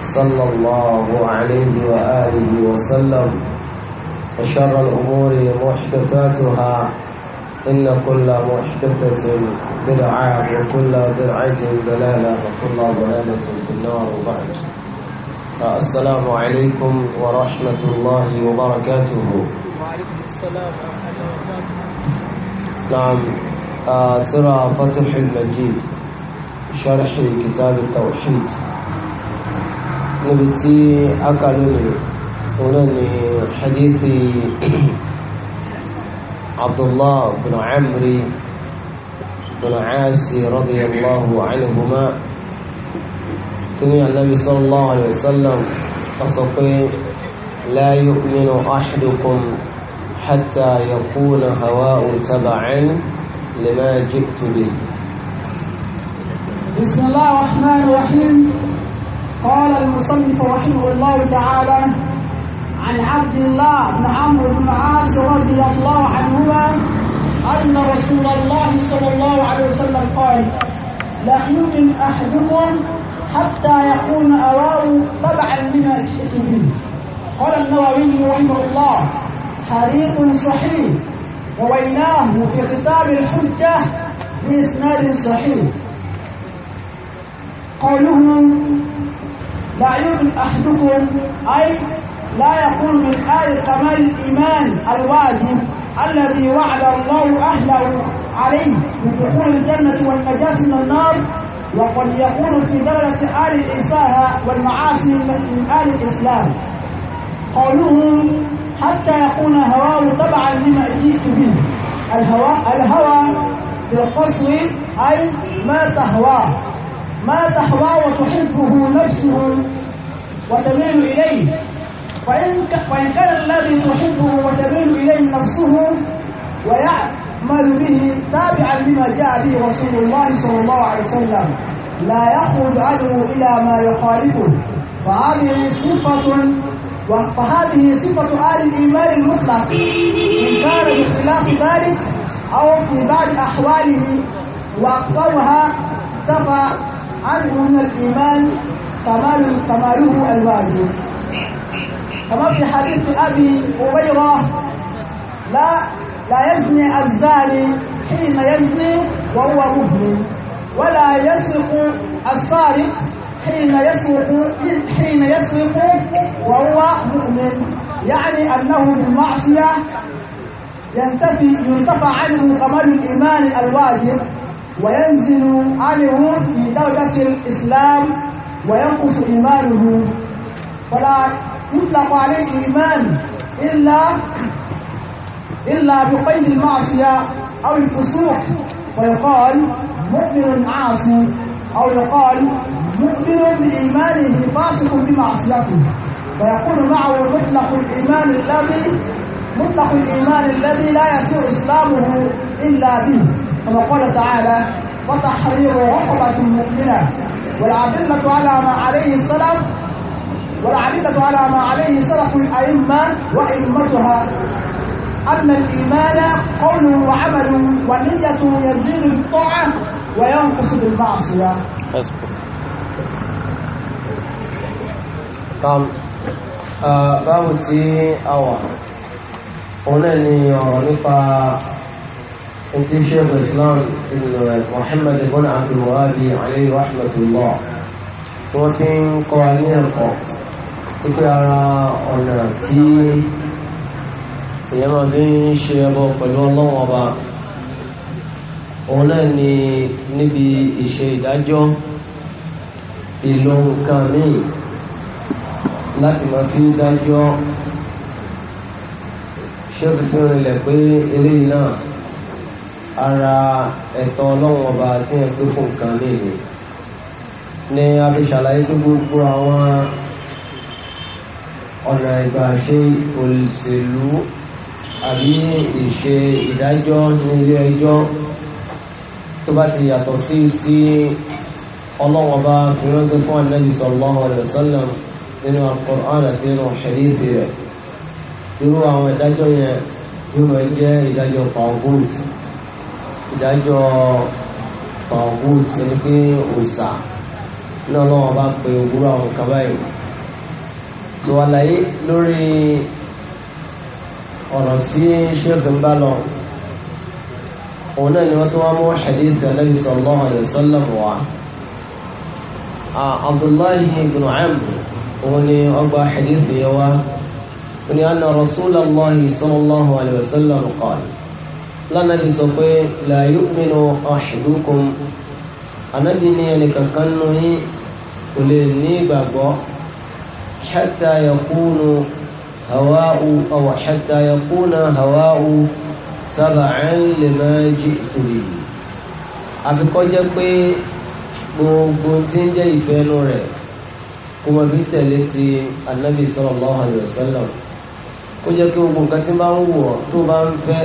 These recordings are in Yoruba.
صلى الله عليه وآله وسلم وشر الأمور محدثاتها إن كل محدثة بدعة وكل بدعة دلالة وكل ضلالة في النار وبعد السلام عليكم ورحمة الله وبركاته وعليكم السلام ورحمة الله وبركاته نعم ترى آه، فتح المجيد شرح كتاب التوحيد نبتي أكالوني هنا حديث عبد الله بن عمري بن عاسي رضي الله عنهما كمية النبي صلى الله عليه وسلم أصفين لا يؤمن أحدكم حتى يكون هواء تبعا لما جئت به بسم الله الرحمن الرحيم قال المصنف رحمه الله تعالى عن عبد الله بن عمرو بن العاص رضي الله عنهما أن رسول الله صلى الله عليه وسلم قال لا يؤمن أحدكم حتى يكون أراه طبعا لما جئت به قال النووي رحمه الله حديث صحيح وويناه في كتاب الحجة بإسناد صحيح قوله لا يؤمن أحدكم أي لا يقول من آية كمال الإيمان الواجب الذي وعد الله أهله عليه بدخول الجنة والنجاة من النار وقد يكون في درجة آل الإساءة والمعاصي من آل الإسلام قوله حتى يكون هواه تبعا لما جئت به الهوى الهوى بالقصر أي ما تهواه ما تهوى وتحبه نفسه وتميل إليه فإن كان الذي تحبه وتميل إليه نفسه ويعمل به تابعا لما جاء به رسول الله صلى الله عليه وسلم لا يخرج عنه إلى ما يخالفه فهذه صفة فهذه صفة آل الإيمان المطلق إن كان باختلاف ذلك أو في بعض أحواله وأقومها تفى عنه من الإيمان كمال كماله الواجب كما في حديث أبي هريرة لا لا يزني الزاني حين يزني وهو مؤمن ولا يسرق السارق حين يسرق حين يسرق وهو مؤمن يعني أنه بالمعصية ينتفي ينتفع عنه كمال الإيمان الواجب وينزل عنهم في درجة الإسلام وينقص إيمانه فلا يطلق عليه إيمان إلا إلا بقيد المعصية أو الفسوق ويقال مؤمن عاصي أو يقال مؤمن بإيمانه فاسق بمعصيته ويكون معه مطلق الإيمان الذي مطلق الإيمان الذي لا يسير إسلامه إلا به كما قال تعالى وتحرير رقبة مؤمنة والأدلة على ما عليه السلف والعديدة على ما عليه سلف الأئمة وأئمتها أن الإيمان قول وعمل ونية يزيد بالطاعة وينقص بالمعصية. أصبر. نعم báwo tí a wà òun náà انت شيخ الاسلام محمد بن عبد الوهاب عليه رحمه الله wọ́n fi ń kọ́ ní ẹ̀kọ́ pípé ara ọ̀nà tí èèyàn máa fi ń ṣe ẹbọ pẹ̀lú ọlọ́run ọba òun náà ni níbi ìṣe ìdájọ́ ìlò nǹkan míì láti máa fi dájọ́ ṣé o ti fi rinlẹ̀ pé eléyìí náà ara ẹ̀tọ́ ọlọ́run ọba tí ẹ pé fún nǹkan léèrè ní abíṣàlàyé pé gbogbo àwọn ọ̀nà ìgbà ṣe òṣèlú àbí ìṣe ìdájọ́ ní ilé ẹjọ́ tó bá ti yàtọ̀ sí sí ọlọ́run ọba fìránṣẹ́ fún ànábì sallallahu alaihi wasallam nínú Al-Qur'an àti nínú hadith rẹ̀ irú àwọn ìdájọ́ yẹn yóò máa jẹ́ ìdájọ́ pàgọ́ọ̀tì ìdájọ́ ọ̀gbù ti ní pé òòsà náà lọ́wọ́ bá pe òwúrọ̀ àwọn nǹkan báyìí tó àlàyé lórí ọ̀rọ̀ tí ṣéèkì ń bá lọ òun náà ni wọ́n tó wá mú hadith Ànábì sallallahu alaihi wasallam wá Abdullahi ibn Amr òun ni ọgbà hadith yẹn wá òun ni anna Rasulullahi sallallahu alaihi wasallam qala lánàbí sọ pé la yu'minu ahadukum ànábì ní ẹnìkankan nù yín kò lè ní ìgbàgbọ́ hatta yakunu hawa'u aw hatta yakuna hawa'u taba'an lima ji'tu bihi àfikọ́ jẹ́ pé gbogbo tí ń jẹ́ ìfẹ́ inú rẹ̀ kó mọ bí tẹ̀lé ti anabi sallallahu alaihi wasallam kó jẹ́ kí gbogbo nǹkan tí bá ń wù tó bá ń fẹ́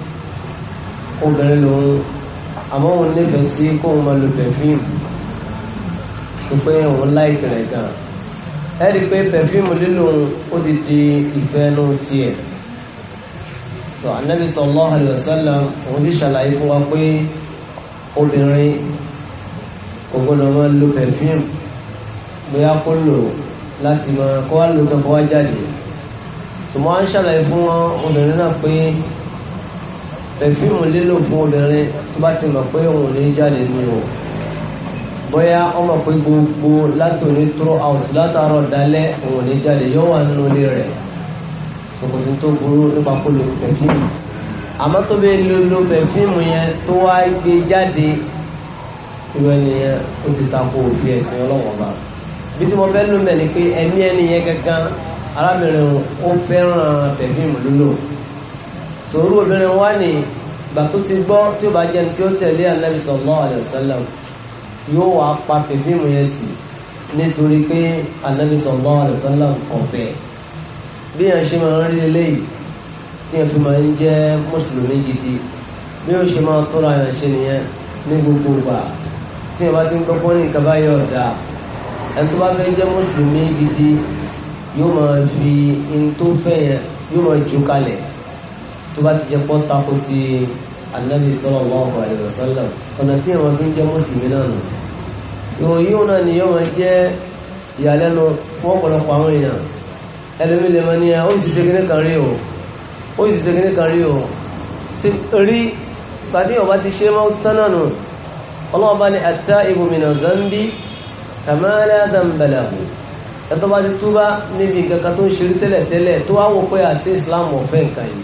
obìnrin lòun àmọ́ òun nífẹ̀ẹ́ sí kóun máa lo pẹ̀fíìmù tó pé òun láìpẹ́ rẹ̀ gan ẹ rí i pé pẹ̀fíìmù lílo ó ti di ìfẹ́ nù tiẹ̀ tó anabi sallallahu alaihi wasallam òun ti ṣàlàyé fún wa pé obìnrin kò gbọdọ̀ máa lo pẹ̀fíìmù bóyá kó lò láti máa kó wá lò tó kó wá jáde tòmọ́ à ń ṣàlàyé fún obìnrin náà pé pẹ̀fíìmù lílò fún obìnrin tó bá ti mọ̀ pé òun ò ní jáde ní o bóyá ọmọ pé gbogbo látòní throughout látàárọ̀ dalẹ́ òun ò ní jáde yóò wà nínú ilé rẹ̀ kòkòtò tó burú nípa kó lo pẹ̀fíìmù àmọ́ tó bẹ́ẹ̀ lo lo pẹ̀fíìmù yẹn tó wá gbé jáde ìwé nìyẹn ó ti tako òbí ẹ̀sìn ọlọ́wọ́n bá bí tí mo fẹ́ lò mẹ́ ni pé ẹ̀mí ẹni yẹn gangan arábìnrin ó fẹ́ràn pẹ̀fíìmù lílò tòrú obìnrin wá ní bàtú ti gbọ́ tí ó bá jẹ́ tí ó tẹ̀lé Ànábì sallallahu alaihi wasallam yóò wá pa pẹ̀fíìmù yẹn tì nítorí pé Ànábì sallallahu alaihi wasallam ọ̀fẹ́ bí yẹn ṣe máa ń rí eléyìí tí yẹn fi máa ń jẹ́ mùsùlùmí gidi bí ó ṣe máa tọ́ra yẹn ṣe nìyẹn ní gbogbo ìgbà tí yẹn bá ti ń kọ́kọ́ ní ìkàbá yẹn ọ̀dà ẹni tó bá fẹ́ jẹ́ mùsùlùmí gidi yóò máa fi in tó fẹ́ yẹn yóò máa jù kalẹ̀ tó bá ti jẹ́ pọ́ tako ti anabi sallallahu alaihi wasallam ọ̀nà tí àwọn fi ń jẹ́ mùsùlùmí náà nù. ìròyìn yóò náà ni yóò máa jẹ́ ìyàlẹ́nu fún ọ̀pọ̀lọpọ̀ àwọn èèyàn ẹlẹ́mí lè máa ní ẹ ah, ó sì ṣe kíní kan rí o ó sì ṣe kíní kan rí o rí pàdé ọba ti ṣe máa tán náà nù ọlọ́wọ́ bá ní ata ibùmínà zambi kàmáàlá zambalahu ẹ̀tọ́ bá ti túbá níbi nǹkan kan tó ń ṣe tẹ́lẹ̀ tẹ́lẹ̀ tó wá wò pé àti Islam ọ̀fẹ́ nǹkan yìí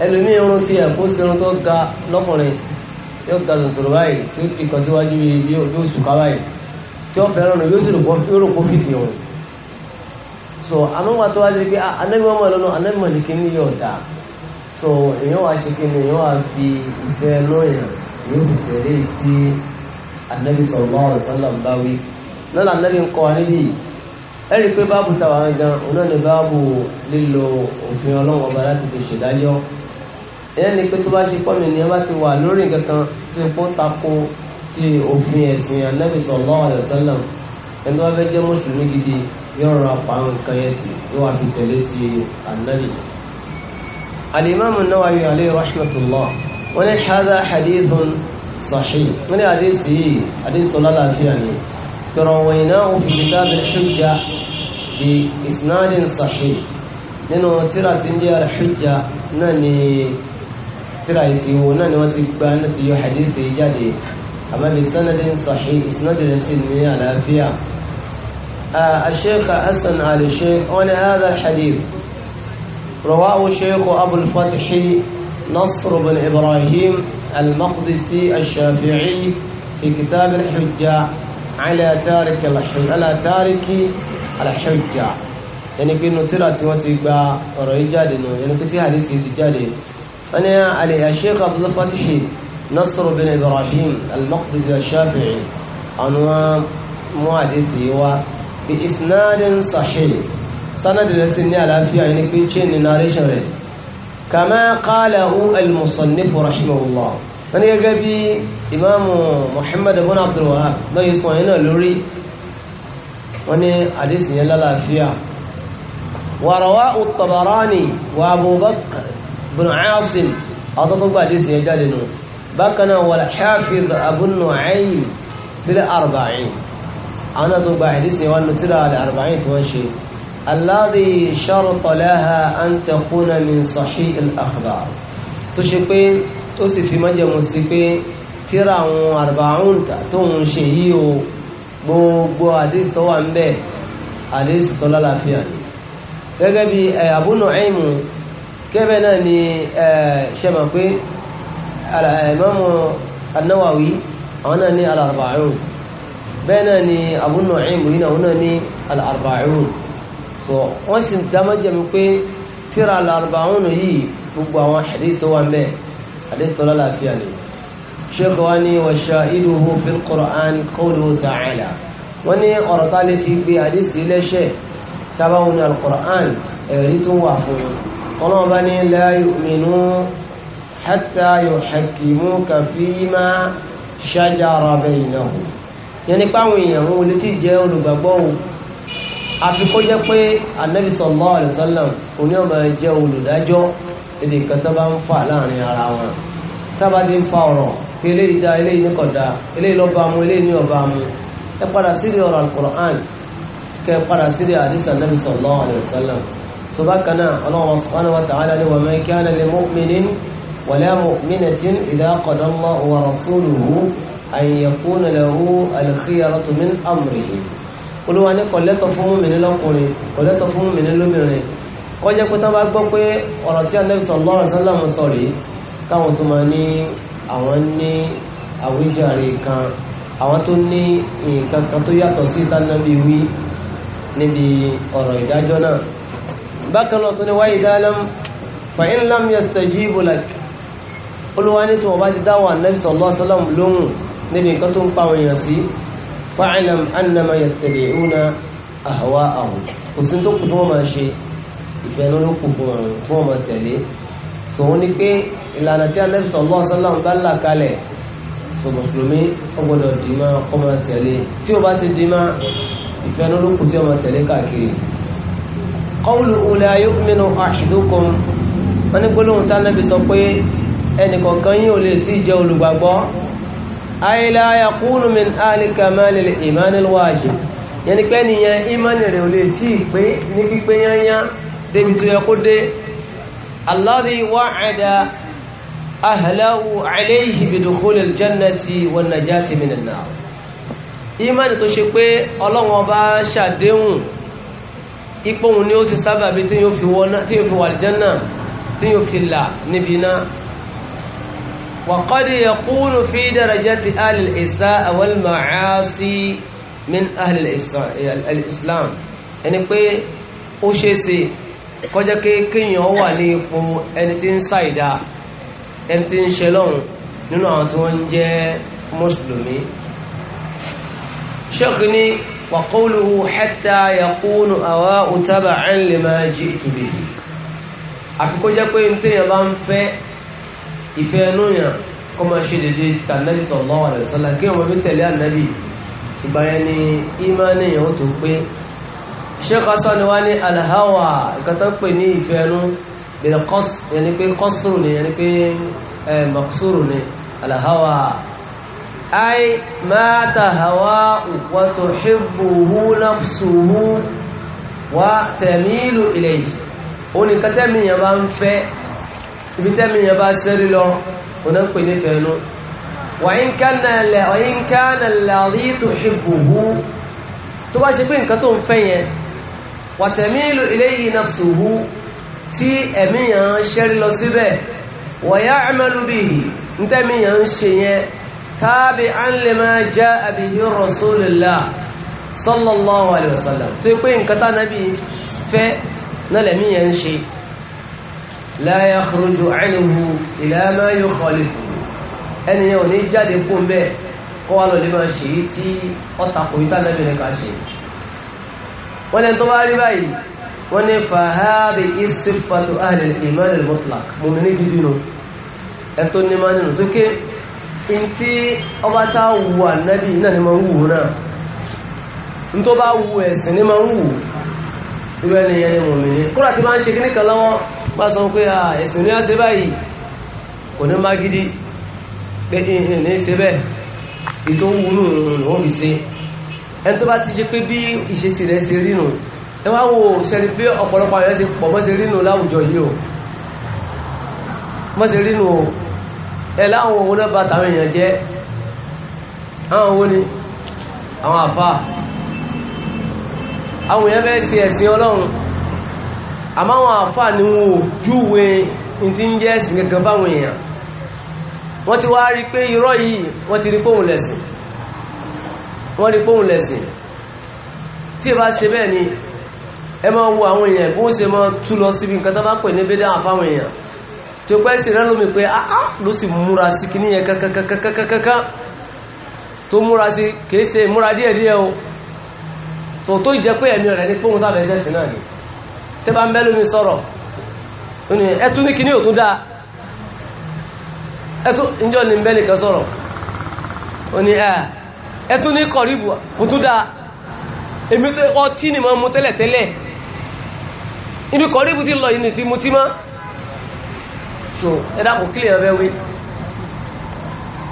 ẹlòmíì irun ti ẹ̀kú sírun tó ga lọ́kùnrin yóò ga sọ̀sọ̀rọ̀ báyìí tó ti kọ̀ síwájú bí ó sùkà báyìí tí ó fẹ́ràn rẹ̀ yóò sì rò kó fìtì òun so àmọ́ wà tó wá lé pé anẹ́mọ̀ ah, ọmọ ìlọ́nà anẹ́mọ̀ ní kí ní yọ̀ dá so èyàn wá ṣe kí ni èyàn wá fi ìfẹ́ lọ́yàn yóò fi tẹ̀lé tí anẹ́bí sallallahu alaihi wasallam bá wí lọ́la anẹ́bí ń kọ́ níbí ẹ̀rí pé báàbù tàwa gan onáà ní báàbù lílo òfin ọlọ́wọ́ ọba láti fi ṣèdájọ́ ìyẹn ni pé tó bá ṣe pọ́nmi ni ẹ bá ti wà lórí nǹkan kan tó yẹ kó tako ti òfin ẹ̀sìn Ànábì sallallahu alaihi wasallam ẹni tó bá fẹ́ jẹ́ mùsùlùmí gidi yóò rọra pa àwọn nǹkan yẹn tì yóò wà fi tẹ̀lé ti Ànábì. Al-Imam An-Nawawi alayhi wọ́n ní hadha hadithun sahih wọ́n ní àdéhùn yìí àdéhùn lálàáfíà ni ترويناه في كتاب الحجة بإسناد صحيح لأنه ترى تنجي الحجة نني tíra yìí ti wo náà ni wọ́n ti gba náà ti yọ hadith yìí jáde àmọ́ bí sanadin sahih ìsinadin rẹ̀ sì ní àlàáfíà. الشيخ حسن علي الشيخ ولا هذا الحديث رواه الشيخ أبو الفتح نصر بن إبراهيم المقدسي الشافعي في كتاب الحجة على تارك الحجة على تارك الحجة يعني كأنه ترى تيوتي با رأي جادي يعني كتير حديثي تجادي أنا علي الشيخ عبد الفتحي نصر بن إبراهيم المقدس الشافعي أنواع محدثي بإسناد صحيح سند لسني على في عينك بيتشين ناريشن كما قاله المصنف رحمه الله أنا يجابي إمام محمد بن عبد الوهاب ما يسمعنا لوري وني حديث يلا لا فيها ورواء الطبراني وأبو بكر bin Asim àwọn tó gbà àdìsí yẹn jáde nù bákan náà wal Hafiz Abu Nu'aym bil arba'in àwọn náà tó gbà àdìsí yẹn wọn nùtírà al arba'in tí wọ́n ṣe alladhi sharata laha an takuna min sahih al akhbar tó ṣe pé ó sì fi májẹ̀mú sí pé tíra àwọn àrùbáhùn tó gbogbo àdéhìsì tó wà ń bẹ àdéhìsì tó lálàáfíà ni Abu Nu'aym kẹ́bẹ̀ náà ni ṣẹ́mà pé Imamu An-Nawawi àwọn náà ní al-arba'un bẹ́ẹ̀ náà ni Abu Nu'aym yìí náà ní al-arba'un so wọ́n sì dámọ́jẹ́ mi pé tíra al-arba'un yìí gbogbo àwọn hadith tó wà ń bẹ́ẹ̀ hadith lálàáfíà ni sheikh wa ni wa sha'iduhu fil Qur'an qawluhu ta'ala wọ́n ní ọ̀rọ̀ tá a lè fi gbé hadith sí lẹ́ṣẹ̀ tábàwọn al-Qur'an ẹ̀rí tó wà fún un ọlọ́run bá ní la yu'minu hatta yuhakkimuka fima shajara bainahum yẹn nípa àwọn èèyàn wọn lè ti jẹ́ olùgbàgbọ́ o àfi kó jẹ́ pé anabi sallallahu alaihi wasallam oní ọmọ jẹ́ olùdájọ́ èdè kan tó bá ń fà láàrin ara wọn sábà ti ń fa ọ̀rọ̀ pé eléyìí dá eléyìí ní eléyìí ló mu eléyìí ní ò mu ẹ padà sílẹ̀ ọ̀rọ̀ al-Qur'an kẹ padà sílẹ̀ àdìsàn anabi sallallahu سبكنا الله سبحانه وتعالى وما كان لمؤمن ولا مؤمنة إذا قضى الله ورسوله أن يكون له الخيرة من أمره olúwa ní kọ̀lẹ́tọ̀ fún mòmìnir lọ́kùnrin kọ̀lẹ́tọ̀ fún mòmìnir lóbìnrin kọjá pé táwọn bá gbọ́ pé ọ̀rọ̀ tí Ànábì sallallahu alaihi wasallam sọ rèé táwọn tó máa ní àwọn ní àwíjàre kan àwọn tó ní nǹkan kan tó yàtọ̀ sí ìtànàbí wí níbi ọ̀rọ̀ ìdájọ́ náà bákan náà tó ní wáyé dáadáa fa in lam yastajibu lak olúwa ní tí wọ́n bá ti dáwọ̀ ànábì sallallahu alaihi wasallam lóhùn níbi nǹkan tó ń pa àwọn èèyàn sí fa'lam annama yattabi'una ahwa'ahum kò tẹ̀lé sòun ni pé ìlànà tí ànábì wọ́n máa tẹ̀lé káàkiri qawluhu la yu'minu ahadukum wọ́n ní gbólóhùn tá nàbí sọ pé ẹnìkọ̀ọ̀kan yìí ò lè tí jẹ́ olùgbàgbọ́ ay la yakunu min ahli kamalil imanil wajib yẹn ni pé nìyẹn ìmánì rẹ̀ ò lè tí ì pé ní pípé yányá débi tó yẹ kó dé alladhi wa'ada ahlahu alayhi bidukhulil jannati ipò òun ni ó sì sábà bí tí yóò fi wọ́ná tí yóò fi wà àlìjánà tí yóò fi là níbi iná wa qad yakunu fi darajati ahli al-isaa wal ma'asi min ahli al-islam ẹni pé ó ṣe sí kọjá kéèyàn wà ní ipò ẹni tí ń ṣàìdá ẹni tí ń ṣe lọ́hùn nínú àwọn tí wọ́n ń jẹ́ mùsùlùmí وقوله حتى يكون أواء تبعا لما جئت به àfikó jẹ́ pé ní téèyàn bá ń fẹ́ ìfẹ́ ẹnu yàn kó máa ṣe dédé tànàbí sallallahu alaihi wasallam kí wọ́n fi tẹ̀lé ànábì ìgbà yẹn ni ìmánì yẹn ó tó pé Sheikh Hasan ni wá ní alhawa nǹkan tó ń pè ni yẹn ni pé eh, ni alhawa أي مات هواء وتحبه نفسه وتميل إليه oni kata mi yan ba ń fẹ́ ibi tẹ́ mi yan bá sẹ́rí lọ ọ̀nà ń pè ní fẹ́nu wàyín kánà làrí tó ṣubùhù tó bá ṣe pé nǹkan tó ń fẹ́ yẹn wàtẹ̀mílù yan sẹ́rí lọ síbẹ̀ wàyá ẹ̀mẹ́lú bíi ń yan ń ṣe تابعا لما جاء به رسول الله صلى الله عليه وسلم تقول كتا نبي في نلمي ينشي لا يخرج عنه إلى ما يخالفه أن يوني جاد يقوم به قالوا لما شيتي أتقوا نبي نكاشي ولن تبالي باي فهذه صفة أهل الإيمان المطلق مؤمنين بدونه أنتم نمانين تكي in tí ọba sá wù ànábì náà ni ma ń wù náà n tó bá wù ẹ̀sìn ni ma ń wù irú ẹni yẹn ni mò mí ní kúrò àti máa ń ṣe kíní kan lọ́wọ́ bá sọ pé ẹ̀sìn ni a ṣe báyìí kò ní má gidi pé ní ṣe bẹ́ẹ̀ ètò ń wúlò wọ́n fi ṣe ẹni tó bá ti ṣe pé bí ìṣesí rẹ̀ ṣe rí nù ẹ wá wo ṣẹlẹ̀ pé ọ̀pọ̀lọpọ̀ àwọn ẹ̀ṣẹ̀ pọ̀ bọ́ ṣe rí nù láwùjọ yìí o bọ́ ṣe rí nù o ẹ láwọn òun náà bá tàwọn èèyàn jẹ́ àwọn owó ni àwọn àfà àwọn èèyàn fẹ́ sí ẹ̀sìn ọlọ́run àmọ́ àwọn àfà ni wọn ò júwe tí ń jẹ́ ẹ̀sìn gẹ́gẹ́ báwọn èèyàn wọ́n ti wá rí pé irọ́ yìí wọ́n ti rí póhùn lẹ̀sìn wọ́n rí póhùn lẹ̀sìn tí ẹ bá ṣe bẹ́ẹ̀ ni ẹ máa wo àwọn èèyàn bó ṣe máa tú lọ síbi nǹkan tó bá pè ní bídá àfáwọn èèyàn tí ó pẹ́ sí rẹ́ lómi pé áá ah, ah, ló sì múra sí kí níyẹn kankankankankankan tó múra sí kìí ṣe múra díẹ̀díẹ̀ o tó tó jẹ́ pé ẹ̀mí rẹ̀ ní pé òun sáfẹ́ sẹ́sì náà ni tẹ́ bá ń bẹ́ lómi sọ̀rọ̀ ẹ ní kíní ò tún dáa ẹ níjọ́ ni ń bẹ́ nìkan sọ̀rọ̀ ó ní ẹ tún dáa èmi ọtí ni mo mú tẹ́lẹ̀tẹ́lẹ̀ ibi kọ̀ríbù ti lọ yìí ni ti mu ti máa so ẹ̀dá kò kílẹ̀ ọ̀bẹ̀ wí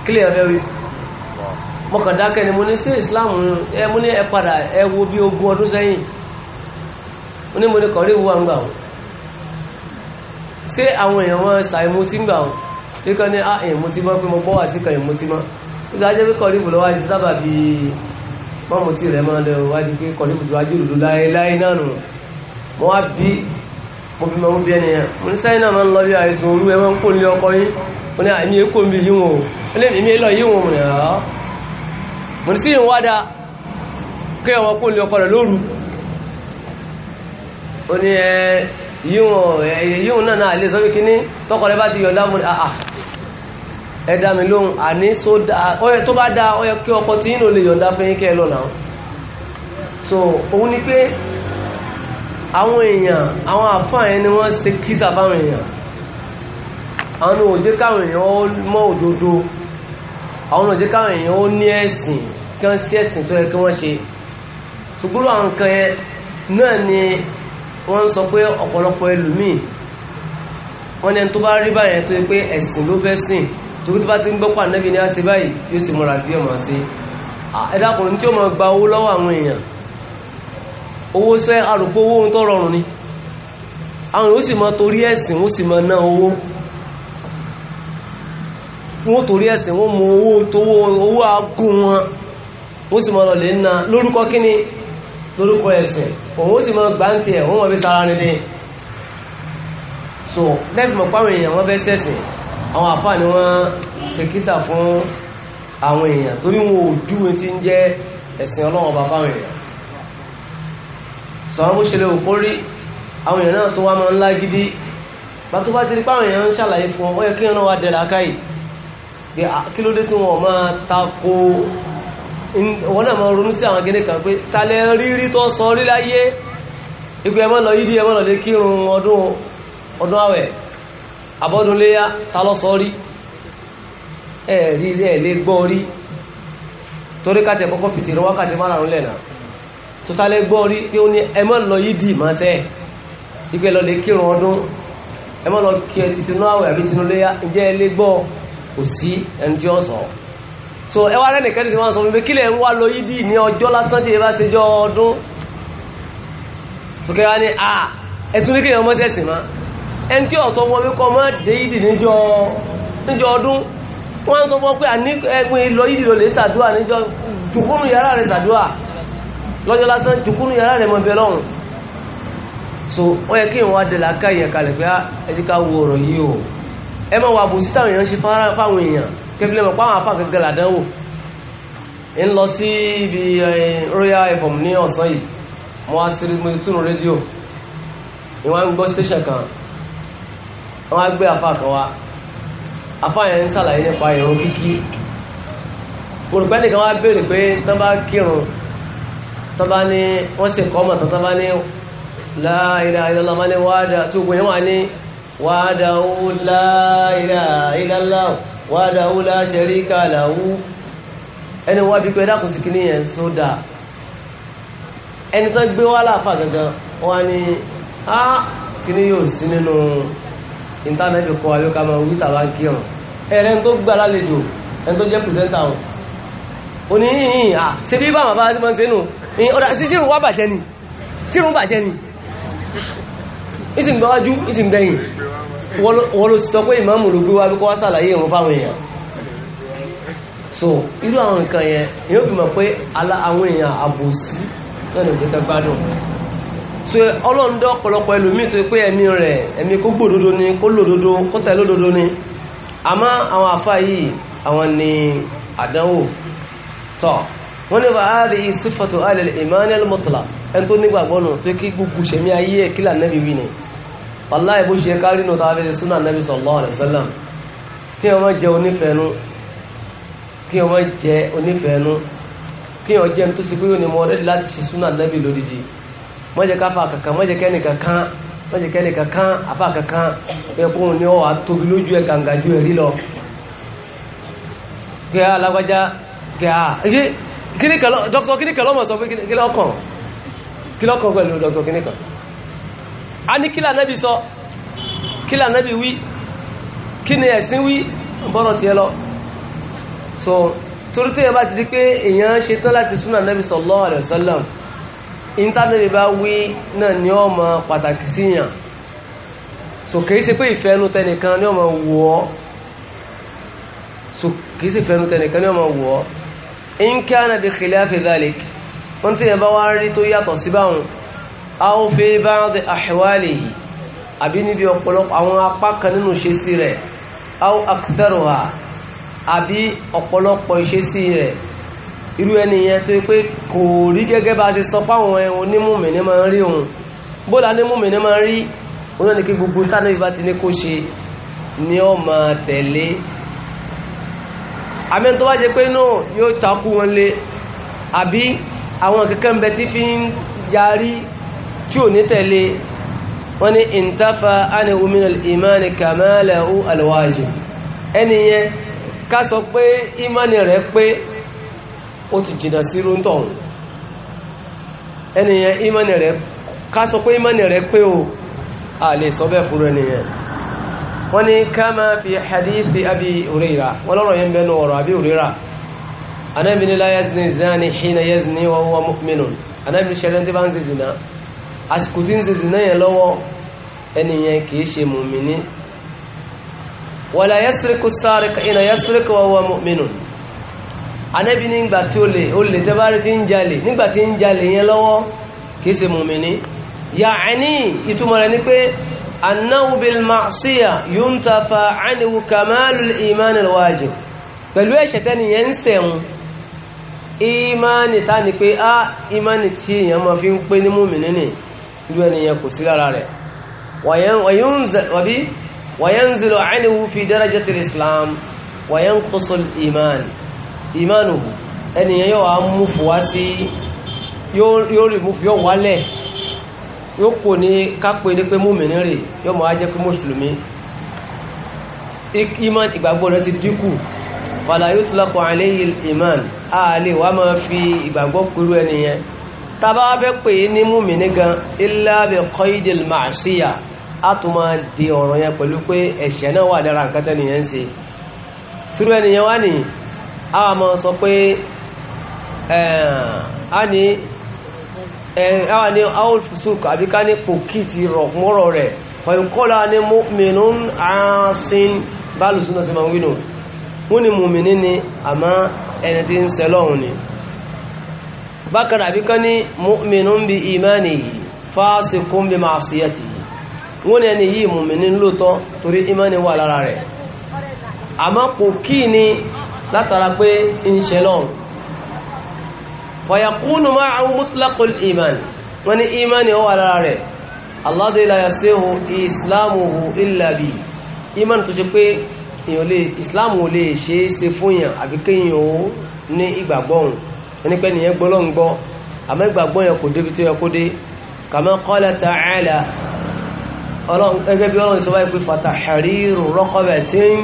kílẹ̀ ọ̀bẹ̀ wí mọ́kàndákẹ́ ni mo ní sí Islam ẹ mú ní ẹ padà ẹ wo bí ogún ọdún sẹ́yìn mo ní mo ní kọ̀rí ìwúwa ń gbà wọn ṣé àwọn èèyàn wọn ṣàìmú tí ń gbà wọn tí kan ní à ah, èèmú tí mọ́ pé mo bọ́ wà sí kan èèmú tí mọ́ nígbà jẹ́ pé kọ̀rí ìbùdó wájú sábà bí mọ́mù tí rẹ̀ máa lọ wájú pé kọ̀rí ìbùdó wájú òdòdó láéláé náà nù wọ́n á bí mo fi máa ń bí ẹnìyàn mo ní sẹ́yìn náà máa ń lọ bí àìsàn òru ẹ máa ń kó ní ọkọ yín mo ní àmì èkó mi yíwọ̀n o mo ní èmi lọ yíwọ̀n mo ní àá mo ní sí ìwọ́n wáda kí ọmọ kó ní ọkọ rẹ̀ lóru ó ní ẹ yíwọ̀n ẹ yíwọ̀n náà náà lè sọ pé kíní tọkọ rẹ bá ti yọ̀ǹda mo àà ẹ dá mi lóhùn àní tó bá dáa ó yẹ kí ọkọ tí yín ló lè yọ̀ǹda fún yín kẹ́ ẹ lọ náà so òun ni pé àwọn èèyàn àwọn àfáà yẹn ni wọ́n ṣe kíṣà fáwọn èèyàn àwọn ní òjé káwọn èèyàn ó mọ̀ òdodo àwọn òjé káwọn èèyàn ó ní ẹ̀sìn kí wọ́n sí ẹ̀sìn tó yẹ kí wọ́n ṣe ṣùgbọ́n àwọn nǹkan yẹn náà ni wọ́n ń sọ pé ọ̀pọ̀lọpọ̀ ẹlòmíì wọ́n ní ẹni tó bá rí báyẹn tó yẹ pé ẹ̀sìn ló fẹ́ sìn torí tó bá ti ń gbọ́ pàdánù ní àṣẹ báyìí yóò sì múra sí ọmọ sí ẹ̀dá ọkùnrin tí ó mọ gba owó lọ́wọ́ àwọn èèyàn owó sẹ́ àrùpó owó ohun tó rọrùn ni àwọn ó sì ma torí ẹ̀sìn ó sì mọ ná owó wọ́n torí ẹ̀sìn wọ́n mú owó owó agún wọn ó sì mọ lọlẹ̀ ńnà lórúkọ kíni lórúkọ ẹ̀sìn òun ó sì mọ gbáǹtì ẹ̀ wọ́n mọ̀ bí sára nílé so lẹ́fì mọ̀ páwọn èèyàn wọ́n fẹ́ àwọn àfáà ni wọ́n fún àwọn èèyàn torí wọn ò júwe tí ń jẹ́ ẹ̀sìn ọlọ́wọ́n bá sọ̀rọ̀ bó ṣe lè kó rí àwọn èèyàn náà tó wá máa ń lágídí bá tó bá ti rí páwọn èèyàn ń ṣàlàyé fún ọ ó yẹ kí wọn náà wá dẹ̀rẹ̀ akáyì pé kí ló dé tí wọn máa tako wọn náà máa ronú sí àwọn gẹ́gẹ́ kan pé ta lẹ rí rí tó sọ rí láyé ipò ẹ má lọ yídí ẹ má lọ lè kírun ọdún ọdún àwẹ̀ abọ́dún léyá ta lọ sọ rí ẹ̀ẹ́dí ẹ̀ lè gbọ́ rí torí ká tẹ̀ fìtì rẹ wákàtí márùn-ún náà tó tálẹ́ gbọ́ rí pé ó ní ẹ má lọ yídì máa tẹ́ ìgbẹ́ lọ lè kírun ọdún ẹ má lọ kí ẹ ti tinú àwẹ̀ àbí tinú léyà ǹjẹ́ ẹ lè gbọ́ kò sí ẹni tí ó sọ so ẹ wá rẹ́ nìkan tí wọ́n sọ fún mi kílẹ̀ ń wá lọ yídì ní ọjọ́ lásán tí ẹ bá ṣe jọ ọdún sókè wá ní à ẹ tún ní kílẹ̀ ọmọ sẹ́sìn má ẹni tí ọ̀sọ́ wọn wípé ọmọ dé yídì níjọ ọdún wọ́n sọ fún ọ pé àní ẹgbẹ́ lọ yídì lọ lè ṣàdúrà níjọ dùkúrú yàrá rẹ̀ ṣàdúrà lọ́jọ́ lásán jùkúrú yàrá rẹ̀ mọ̀ bẹ lọ́rùn so wọ́n yẹ kí n wá dẹ̀lá ká ìyẹn kalẹ̀ pé ah, ẹjí ká wo ọ̀rọ̀ yìí o ẹ máa wà bùsí táwọn èèyàn ṣe fáwọn èèyàn kébìlẹ̀ mọ̀ páwọn afá gẹ́gẹ́ làdánwò ń lọ sí ibi royal fm ní ọ̀sán yìí mo wá sí mo túnú rédíò ni wọ́n gbọ́ station kan wọ́n á gbé afá kan wá afá yẹn ń ṣàlàyé nípa ìrun kíkí mo rò nìkan wá béèrè pé tán bá kírun tọ́bá ní wọ́n sì kọ́ mọ̀ tọ́bá ní la ilaha illallah máa ní wáàdà tí ogun yẹn wà ní wáàdà ó la ilaha illallah wáàdà ó la sharika lahu ẹni wá bí pé dákùn sí kí ní yẹn sódà ẹni tó gbé wá láàfà gangan wọ́n ní á kí ní yóò sí nínú ìntánẹ́ẹ̀tì ọ̀dá sí sírùn wá bàjẹ́ ni sírùn bàjẹ́ ni ìsìngbáwájú ìsìngbẹ̀yìn wọ́n ló sọ pé ìmáàmù ló gbé wá bí kó wá sàlàyé ìrun fáwọn èèyàn so irú àwọn nǹkan yẹn yóò fi mọ̀ pé àwọn èèyàn àbòsí náà lè gbẹ́tẹ́ gbádùn so ọlọ́ndọ́ ọ̀pọ̀lọpọ̀ ẹlòmíì tó pé ẹ̀mí rẹ̀ ẹ̀mí kó gbòdodo ni kó lòdodo kó tẹ̀ ni àmọ́ àwọn àfáà yìí àwọn ni àdánwò tọ̀ wọ́n ní wa hadhihi sifatu alẹ́ ìmáni al-mutlaq ẹni tó nígbàgbọ́ nù tó kí gbogbo ṣẹ̀mí ayé ẹ̀ kílà nẹ́bí wí ni wàláhì bó ṣe kárí nù tàbí ṣe súnà nẹ́bí sallallahu alaihi wasallam kí wọ́n jẹ onífẹ̀ẹ́nu kí wọ́n jẹ onífẹ̀ẹ́nu kí wọ́n jẹ́ tó sì pé ní mọ́ rẹ́dí láti ṣe súnà nẹ́bí lódìdí má jẹ́ káfà kankan má jẹ́ kẹ́nìkankan má jẹ́ kẹ́nìkankan àfà kankan ẹkùn kíníkà lọ dr kíníkà lọ́mọ̀ sọ pé kílọ́kàn kílọ́kàn pẹ̀lú dr kíníkà a ní kílà nẹ́bí sọ kílà nẹ́bí wí kí ni ẹ̀sìn wí bọ́rọ̀ ti ẹ lọ so torí tí ẹ bá ti di pé èèyàn ṣe tán láti súnà nẹ́bí sallallahu alaihi wasallam intanẹ́bí bá wí náà ní ọmọ pàtàkì síyàn so kìí ṣe pé ìfẹ́ ẹnu tẹnìkan ní ọmọ wọ́ so kìí ṣe ìfẹ́ ẹnu tẹnìkan ní ọmọ wọ́ in kana bi khilafi dhalik wọ́n tí yẹn bá wá rí tó yàtọ̀ sí báhùn aw fi ba'd ahwalihi àbí níbi ọ̀pọ̀lọpọ̀ àwọn apá kan nínú ìṣesí rẹ̀ aw aktharuha àbí ọ̀pọ̀lọpọ̀ ìṣesí rẹ̀ irú ẹni yẹn tó pé kò rí gẹ́gẹ́ bá ti sọ páwọn onímùmìnì máa ń rí òun bóla onímùmìnì máa ń rí òun náà ní kí gbogbo tánà ìbá ti ní kó ṣe ni ó máa tẹ̀lé àmẹ́ tó bá jẹ pé náà yóò takú wọn lé àbí àwọn kẹ́kẹ́ ń bẹ tí fi ń yarí tí ò ní tẹ̀lé wọ́n ní ìntàfà ánìwò min al-imani kamalahu al-wajib ẹni yẹn ká sọ pé ìmánì rẹ̀ pé ó ti jìnà sí rúntọ̀hún ẹni yẹn ìmánì rẹ̀ ká sọ pé ìmánì rẹ̀ pé ó à lè fúru ẹni yẹn wọ́n ní kama fi hadithi abi hurera wọ́n lọ́rọ̀ yẹn bẹ́ẹ̀ ní ọ̀rọ̀ abi hurera anabi ni la yazni zani hina yazni wa huwa mu'minun anabi ṣẹlẹ̀ tí bá ń ṣe zina àsìkò tí ń ṣe zina yẹn lọ́wọ́ ẹnìyẹn kìí ṣe mùmíní wala yasriku sariq hina yasriku wa huwa mu'minun anabi nígbà tí ó lè ó lè tẹ́ bá rí ń jalè nígbà tí ń jalè yẹn lọ́wọ́ kìí ṣe mùmíní ya'ani ìtumọ̀ rẹ̀ ni pé annáwó bil ma'síyà yóò ta fa ánìwò kamalu iman alwajib pẹ̀lú ẹ̀ṣẹ̀ tẹ́ni yẹn ń sẹ̀wọ̀n imani ta ni pé á imani tí èèyàn ma fi ń pé ní múmi nínú ìlú ẹniyàn kò sí lára rẹ̀ wàyán zìlọ ánìwò fi darajatil islam wàyán kọsọl iman imanuhu ẹniyàn yóò wá mú fùwá sí yóò rí mú fi yóò kò ní kápẹ́ ní pé mùmínì rè yóò máa jẹ́ pé mùsùlùmí iman ìgbàgbọ́ rẹ̀ ti dínkù fàlà yóò tún lọ́pọ̀ àléyìí iman a lè wá máa fi ìgbàgbọ́ pẹ̀lú ẹni tàbá fẹ́ pè ní mùmínì gan illa bi qaydil ma'siyah a tún máa di ọ̀rọ̀ yẹn pẹ̀lú pé ẹ̀ṣẹ̀ náà wà lára nǹkan tẹ́ nìyẹn ń ṣe sírú ẹnìyẹn wá ní a máa sọ àwọn ni aul fusuk àbí ká ní pòkì ti rọ̀ mọ́rọ̀ rẹ̀ ọ̀yọ̀kọ́lá ní mu'minun asin báàlù súnà sí mawínú wọ́n ni mu'mini ni àmá ẹni tí ń sẹlọ́hun ni bákan àbí ká ní mu'minun bí imani yìí fásikún bí ma'asiyati yìí wọ́n ni ẹni mu'mini lóòtọ́ torí imani wà lára rẹ̀ àmá ni látara pé ń fayakunu ma'ahu mutlaqul iman wọ́n ní imani ó wà lára rẹ̀ alladhi la yasihu islamuhu illa bi iman tó ṣe pé islam ò lè ṣe é ṣe fún yàn àbí kéèyàn ó ní ìgbàgbọ́ òun ẹni pé nìyẹn gbọ́ lọ́n gbọ́ àmọ́ ìgbàgbọ́ yẹn kò débi tó yẹ kó dé kama qala ta'ala ẹgbẹ́ bí ọlọ́run sọ báyìí pé fatahriru raqabatin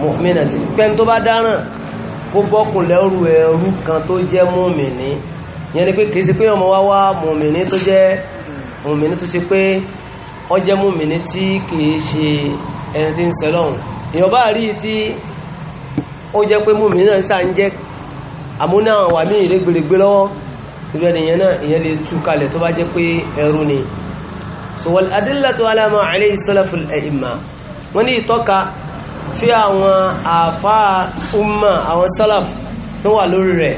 mu'minatin pẹ́ni tó bá dáràn kó bọ́kùn lẹ́rù ẹrú kan tó jẹ́ mùmìnì yẹn ni pé kìí sí pé ọmọ wá wá mùmìnì tó jẹ́ mùmìnì tó ṣe pé ọ jẹ́ mùmìnì tí kìí ṣe ẹni tí ń sẹlọ́hùn èèyàn bá rí tí ó jẹ́ pé mùmìnì náà ń sá ń jẹ́ àmúná wà ní ìrégbèrègbè lọ́wọ́ irú ẹnìyẹn náà ìyẹn lè tú kalẹ̀ tó bá jẹ́ pé ẹrú ni so wal adillatu ala ma alayhi salaful a'imma tí àwọn àfáà umma àwọn salaf tó wà lórí rẹ̀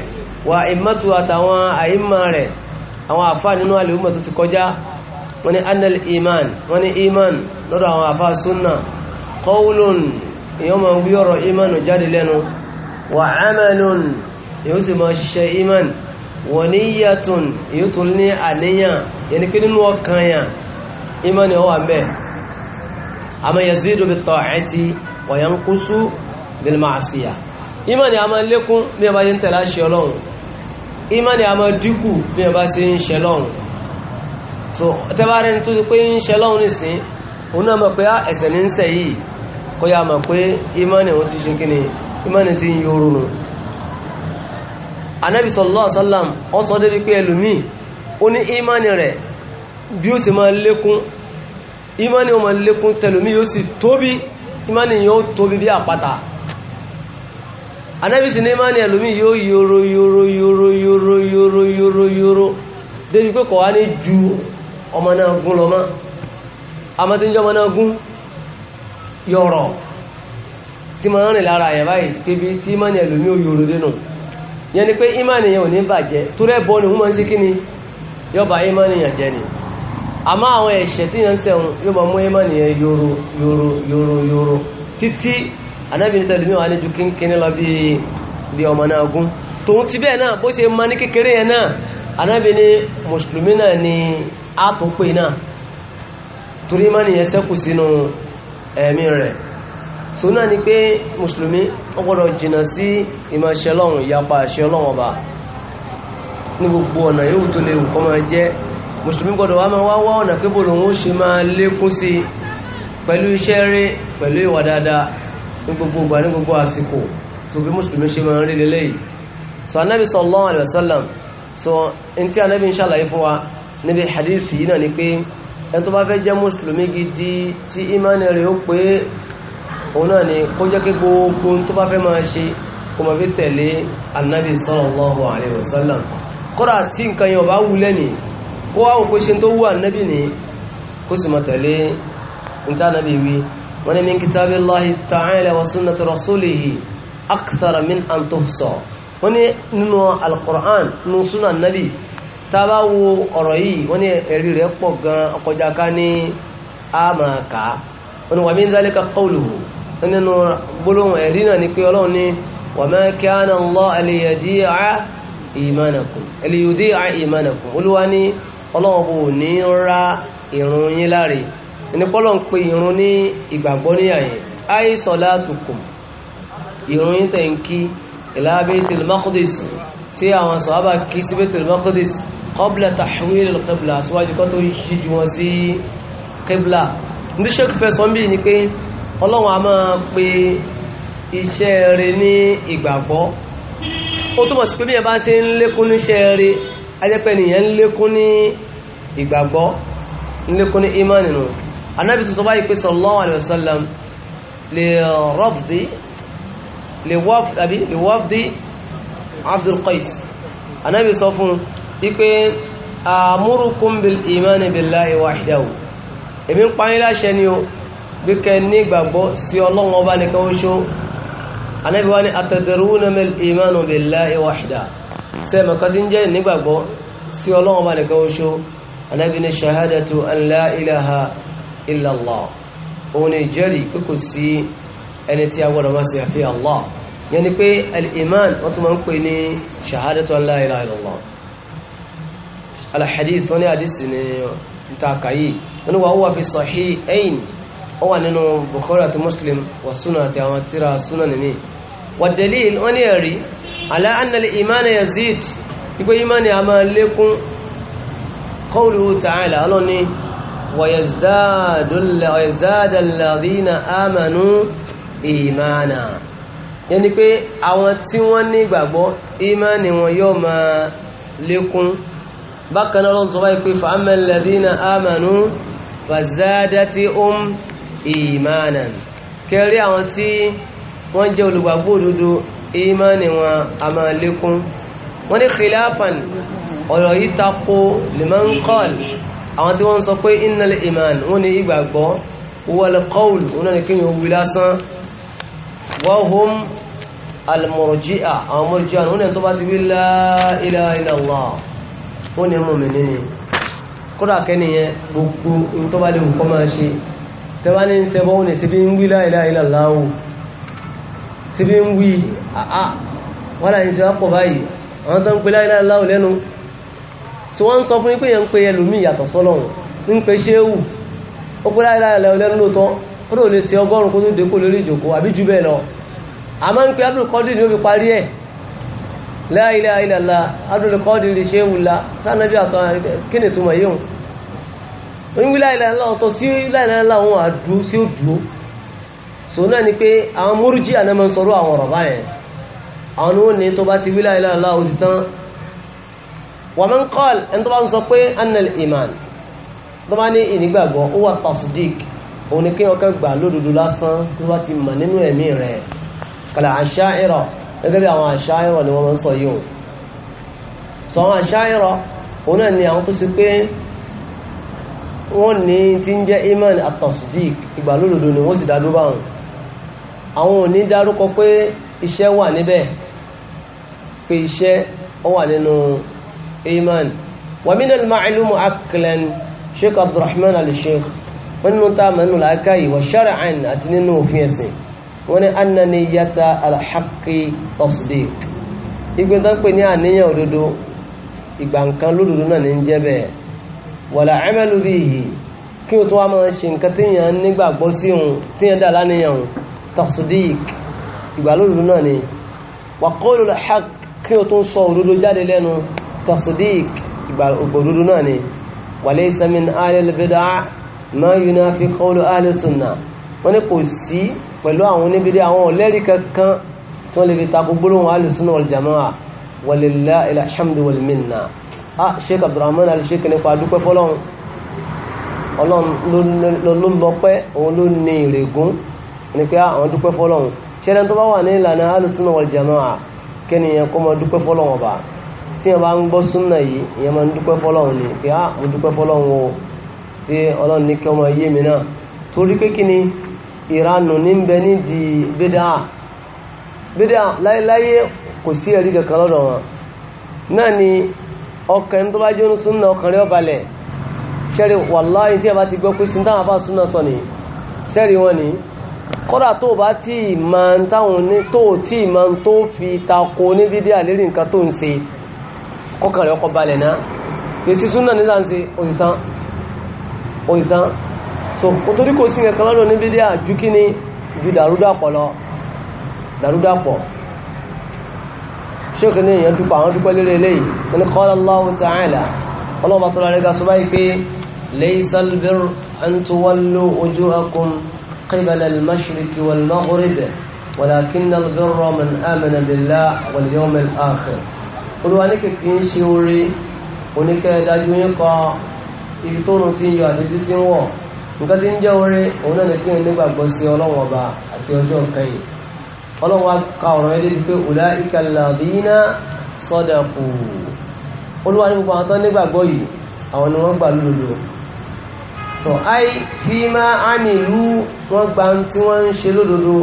wà ìmọ́tù àtàwọn àìmọ́ rẹ̀ àwọn àfáà nínú àlè umma tó ti kọjá wọ́n ni annal iman wọ́n ni iman lọ́dọ̀ àwọn àfáà sunna qawlun èyàn ma wí ọ̀rọ̀ iman jáde lẹ́nu wà amalun èyàn sì ma ṣiṣẹ́ iman wọ́n ni wọ̀yánkúsú bilmaṣíyà ìmánì a máa lékún bí ẹ bá ṣe ń tẹ̀lá ṣe ọlọ́run ìmánì a máa dínkù bí ẹ bá ṣe ń ṣe lọ́run so tẹ́bá rẹni tó ti pé ń ṣe nìsín òun náà mọ̀ pé ah, ẹ̀ṣẹ̀ ní ń ṣẹ̀ yìí kó yá mọ̀ pé ìmánì òun ti ṣe kí ni ìmánì ti ń yoro nù anábì sallallahu alaihi wasallam sọ débi pé ẹlòmíì ó ní ìmánì rẹ̀ bí ó sì máa lékún ìmánì ó máa lékún tẹlòmíì yóò sì tóbi ìmánì yóò tóbi bí àpáta anábìsì ní ìmánì ẹlòmí yóò yòrò yòrò yòrò yòrò yòrò yòrò yòrò débi pé kọ̀wá ní ju ọmọ náà gún lọ mọ́ amọ́tíjọ́ ọmọ náà gún yọ̀rọ̀ tí ma ń rìn lára ẹ̀ báyìí pé bí tí ìmánì ẹlòmí ò yòrò dénú yẹn ni pé ìmánì yẹn ò ní bàjẹ́ tó rẹ́ bọ́ ni wọ́n máa ń sí kíni yọba ìmánì yẹn jẹ́ ni àmọ́ àwọn ẹ̀ṣẹ̀ tí yẹn ń sẹ́wọ̀n yóò máa mú ẹmọ́ nìyẹn yóró yóró yóró yóró títí anábìnrin tẹ̀lé mi wà ní ju kínkínní lọ bí ọmọ na gún tòun ti bẹ́ẹ̀ náà bó ṣe máa ní kékeré yẹn náà anábìnrin mùsùlùmí náà ni àtúnpè náà torí ẹmọ́ sẹ́kù sínú ẹ̀mí rẹ̀ tó náà ni pé mùsùlùmí wọ́n gbọ́dọ̀ jìnnà sí ọba ní gbogbo ọ̀nà yóò tó mùsùlùmí gbọdọ̀ wá máa wá wá ọ̀nà pé bò lòun ó ṣe máa lékún sí pẹ̀lú iṣẹ́ rí pẹ̀lú ìwà dáadáa ní gbogbo ìgbà ní gbogbo àsìkò tó bí mùsùlùmí ṣe máa rí lélẹ́yìí so fi tẹ̀lé anabi sallallahu alayhi wa sallam tí nǹkan yẹn bá wulẹ̀ nìyí kó wá òkú ṣe tó wú ànábì ní kó sì máa tẹ̀lé níta ànábì wí wọ́n ní min kitabillahi ta'ala wa sunnati rasulihi akthara min an tuhsa wọ́n ní nínú alqur'an nínú súnà ànábì tá a bá wo ọ̀rọ̀ yìí wọ́n ní ẹ̀rí rẹ̀ pọ̀ gan náà ìmánàkùn ẹlẹ́yọdé à ìmánàkùn olúwa ní ọlọ́run bò ní ra ìrun yín láre ẹni pọ́lọ̀ ń pe ìrun ní ìgbàgbọ́ ní àyẹ̀ àyè salatukum ìrun yín tẹ̀ ń kí ila Baitul Maqdis tí àwọn sàhábà kí sí Baitul Maqdis qabla tahwil al-qibla yí ju wọn ó túnmọ̀ sí pé bí ẹ bá ṣe ń lékún níṣẹ́ rẹ ajẹ́pẹ́ nìyẹn ń lékún ní ìgbàgbọ́ ń lékún ní imani nù anábì tó sọ báyìí pé sallallahu alayhi wa sallam lè rọ́bdì lè wọ́bdì Abdul Qais anábì sọ Ànábì wá ní atadruna mal imanu billahi wahda sẹ́mọ̀ kan tí ń jẹ́ nígbàgbọ́ sí Ọlọ́run bá nìkan oṣù Ànábì ní shahadatu an la ilaha illallah òun ni ìjẹ́rìí pé kò sí ẹni tí a gbọ́dọ̀ máa ṣe àfihàn Allah yẹn ni pé al-iman wọ́n tún máa ń pè shahadatu an la ilaha illallah al-hadith wọ́n ní ni ta kàyí wọ́n ni wà ó wà fi ó wà nínú bukhari àti muslim wà súnà àti àwọn tíra súnà nìmí wà dalil wọ́n ní ẹ̀rí ala anna al-iman yazid ipé imani a máa lékún qawluhu ta'ala ọlọ́ni wa yazdadu alladhina amanu imana yẹni pé àwọn tí wọ́n ní ìgbàgbọ́ imani wọn yóò máa lékún bákan náà tó wáyé pé fa amma alladhina amanu fazadati um imanan kẹrí àwọn tí wọ́n jẹ́ olùgbàgbọ́ òdodo imani wọn a máa lékún wọ́n ní khilafan ọ̀rọ̀ yìí tako liman qal àwọn tí wọ́n sọ pé innal iman wọ́n ní ìgbàgbọ́ wal qawl wọ́n náà ní kí wọ́n wí lásán wa hum al-murji'a àwọn murji'a wọ́n ní tó bá ti wí la wọ́n ní mọ̀mí tẹ́wá ní ṣẹbọ́ ní síbí ń wí la ilaha illallah síbí ń wí àá wọ́n láyé ṣe wá pọ̀ báyìí àwọn tó ń pe la ilaha illallah lẹ́nu tí wọ́n ń sọ fún pé yẹn ń pe ẹlòmí ìyàtọ̀ sọ́lọ́run ń pe ṣéwù ó pe la ilaha illallah lẹ́nu lóòótọ́ ó lò lè ṣe ọgọ́rùn-ún kó tó dé kó lórí ìjòkó àbí jù bẹ́ẹ̀ lọ àmọ́ ń la ilaha illallah Abdul Qadir ṣéwù kí ni túmọ̀ yóò ń wí láìláì láwọn tó sí láìláì láwọn àdú sí ó dúó so náà ni pé àwọn múrújí ànámọ́ sọ̀rọ̀ àwọn ọ̀rọ̀ báyẹn àwọn ni wọ́n ní tó bá ti wí láìláì láwọn ti tán wà mọ́ ń kọ́l ẹni tó bá ń sọ pé annal iman tó bá ní ìnígbàgbọ́ ó wà tasdik òun ni kí wọn kàn gbà lódodo lásán tó bá ti mọ̀ nínú ẹ̀mí rẹ̀ kàlà àṣà ìrọ̀ gẹ́gẹ́ bí àwọn àṣà ìrọ̀ ni wọ́n máa ń sọ yìí wọ́n ní tí ń jẹ́ iman at-tasdiq ìgbàlódodo ni wọ́n sì dá dúró báwọn àwọn ò ní dárúkọ pé iṣẹ́ wà níbẹ̀ pé iṣẹ́ ó wà nínú iman wa min al-ma'lum aqlan sheikh abdulrahman al-sheikh wọ́n nínú tá a mọ̀ nínú làákàyè wa àti nínú òfin ẹ̀sìn wọ́n ní anna niyyata al-haqqi tasdiq ní àníyàn òdodo ìgbà nǹkan lódodo náà ní ń jẹ́ bẹ́ẹ̀ wàlà amalu bihi kí o tó wá máa ṣe nǹkan tí yàn nígbàgbọ́ sí òun tí yàn dà lánìyàn òun tafsidik ìgbàlódùn náà ni wa qawlu al-haqq kí o tó ń sọ òdodo jáde lẹ́nu tafsidik ìgbàlódùn náà ni walaysa min ahlil bid'ah ma yunafi qawlu ahlis sunnah wọ́n ní kò sí pẹ̀lú àwọn oníbìdí àwọn ọ̀lẹ́rì kankan tí wọ́n lè fi takò gbólóhùn ahlis sunnah wal wàlélá ilhamdu wàlmínà a ah, sheik abdulrahman al-sheik nípa dúpẹ́ fọ́lọ́run ọlọ́run ló lọ́pẹ́ òun ló ní ìrègún ní pé ah, àwọn dúpẹ́ fọ́lọ́run ṣẹlẹ̀ tó bá wà ní ìlànà alùsùnà wal jamaa kẹ́niyàn kọ́ mọ dúpẹ́ fọ́lọ́run ọba tí yẹn bá ń gbọ́ súnà yìí ìyẹn máa ń dúpẹ́ fọ́lọ́run ni pé a ah, mo dúpẹ́ fọ́lọ́run o tí ọlọ́run ní kí ọmọ yé mi náà torí pé kí ni ìranù ní ń bẹ nídìí bídà bídà láéláyé kò sí ẹ̀rí kankan lọ́dọ̀ wọn náà ni ọkàn tó bá jẹ́ oní súnà ọkàn rẹ̀ ọbalẹ̀ ṣẹ́rí wàláhì tí ẹ bá ti gbọ́ pé sin táwọn bá súnà sọ ni sẹ́rí wọn ni kódà tó bá tí ì máa ń táwọn ní tó tí ì máa ń tó fi tako ní dídí àlérí nǹkan tó ń ṣe kọkàn rẹ̀ ọkọ̀ balẹ̀ náà èsì súnà ní láǹṣe òyìntán òyìntán so kò kò sí nǹkan lọ́dọ̀ ní dídí àjú kí ni ju dàrúdàpọ̀ lọ dàrúdàpọ̀ ṣéèkì ní èèyàn dúpọ̀ àwọn dúpẹ́ lórí eléyìí wọn ni qala Allahu ta'ala ọlọ́ọ̀bá sọ́rọ̀ rẹ̀ ga sọ́bá ìpé laysal birru an tuwallu wujuhakum qibala al-mashriqi wal-maghrib walakinna al-birra man amana billahi wal-yawmi al-akhir olúwa ní kìkì ń ṣe orí oníkẹ́ dájú yín kọ ibi tó rùn ti ń yọ àti títí ń wọ̀ nǹkan tí ń jẹ́ orí òun náà ní kí n nígbàgbọ́ sí ọlọ́wọ̀n ọba àti ọjọ́ kẹyìn ọlọ́run wá ka ọ̀rọ̀ yẹn lédi pé ulaika alladhina sadaqu olúwa ní gbogbo àwọn tán nígbàgbọ́ yìí àwọn ni wọ́n gbà lódodo sọ áì fi máa amilu wọ́n gba tí wọ́n ń ṣe lódodo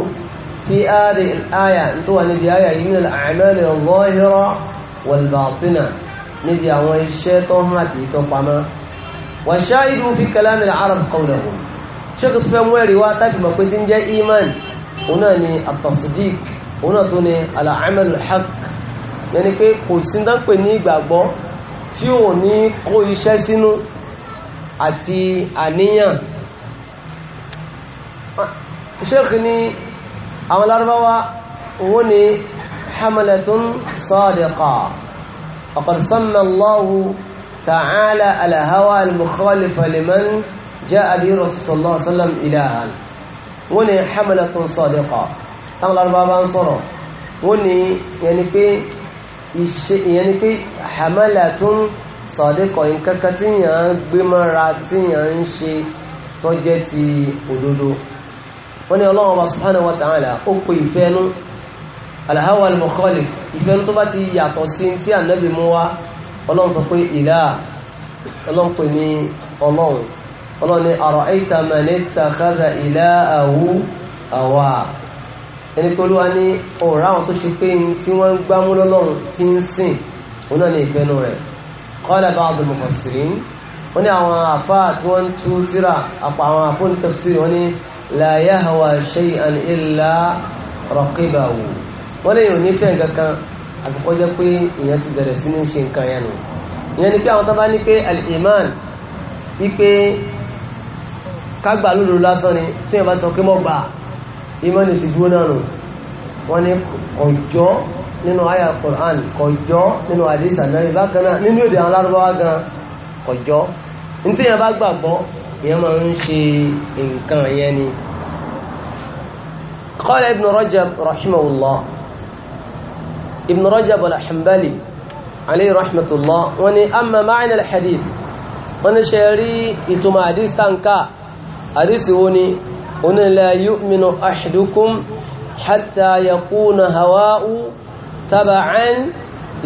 fi áàrẹ àyà tó wà níbi àyà yìí minal a'mali al-zahira níbi àwọn iṣẹ́ tó hàn àti tó pamọ́ wa shahidu fi kalamil arab qawluhum òun náà ni at-tasdiq òun náà tó ni al-amal al-haq yẹni pé kò sí dánpẹ̀ ní ìgbàgbọ́ tí ò ní kó iṣẹ́ sínú àti àníyàn sheikh ni àwọn larabawa òun ni hamalatun sadiqa faqad samma Allahu ta'ala al mukhalifa liman ja'a bi rasulullah sallallahu alaihi wọ́n ní hamalatun sadiqa táwọn lárúbá bá ń sọ̀rọ̀ wọ́n ní ìyẹn ni pé ìṣe ìyẹn ni pé hamalatun sadiqa nǹkan kan tí yàn ń gbé mọ́ra tí yàn ń ṣe tó ti òdodo wọ́n ní Ọlọ́run wa subhanahu wa ta'ala ó pe ìfẹ́nu alhawa al-mukhalif ìfẹ́nu tó bá ti yàtọ̀ sí tí ànábì mú wá Ọlọ́run sọ pé ìlà Ọlọ́run pè ní Ọlọ́run ọlọ́run ní ara'ayta man ittakhadha ilahahu hawa ẹni pé olúwa ní ọ̀rọ̀ àwọn tó ṣe pé tí wọ́n ń gbámú lọ́lọ́run ti ń sìn òun náà ní ìfẹ́nu rẹ̀ qala ba'd al-mufassirin wọ́n ní àwọn àfá tí wọ́n tú tíra àpá àwọn àpóní tafsir wọ́n ní la yahwa shay'an illa raqibahu wọ́n lè yòó nífẹ̀ẹ́ kankan àkọ́kọ́ jẹ́ pé ìyẹn ti bẹ̀rẹ̀ sí ní ṣe nǹkan yẹn nù ìyẹn ni pé àwọn tó bá ní pé al-iman wípé kágbà lódò lásán ni tí ẹ bá sọ pé mọ́gbà ìmánì ti dúró náà nù wọ́n ní kọjọ́ nínú àyà Qur'an kọjọ́ nínú àdìsà náà bákan nínú èdè àwọn lárúbáwá gan kọjọ́ ní tí ẹ bá gbàgbọ́ ìyẹn máa ń ṣe nǹkan yẹn ni. قال ابن رجب رحمه الله ابن رجب الحنبلي عليه رحمة الله وني أما معنى الحديث ونشري إتما حديث تنكا àdísì wo ni onílẹ̀ yu'minu ahadukum hatta yakuna hawa'u taba'an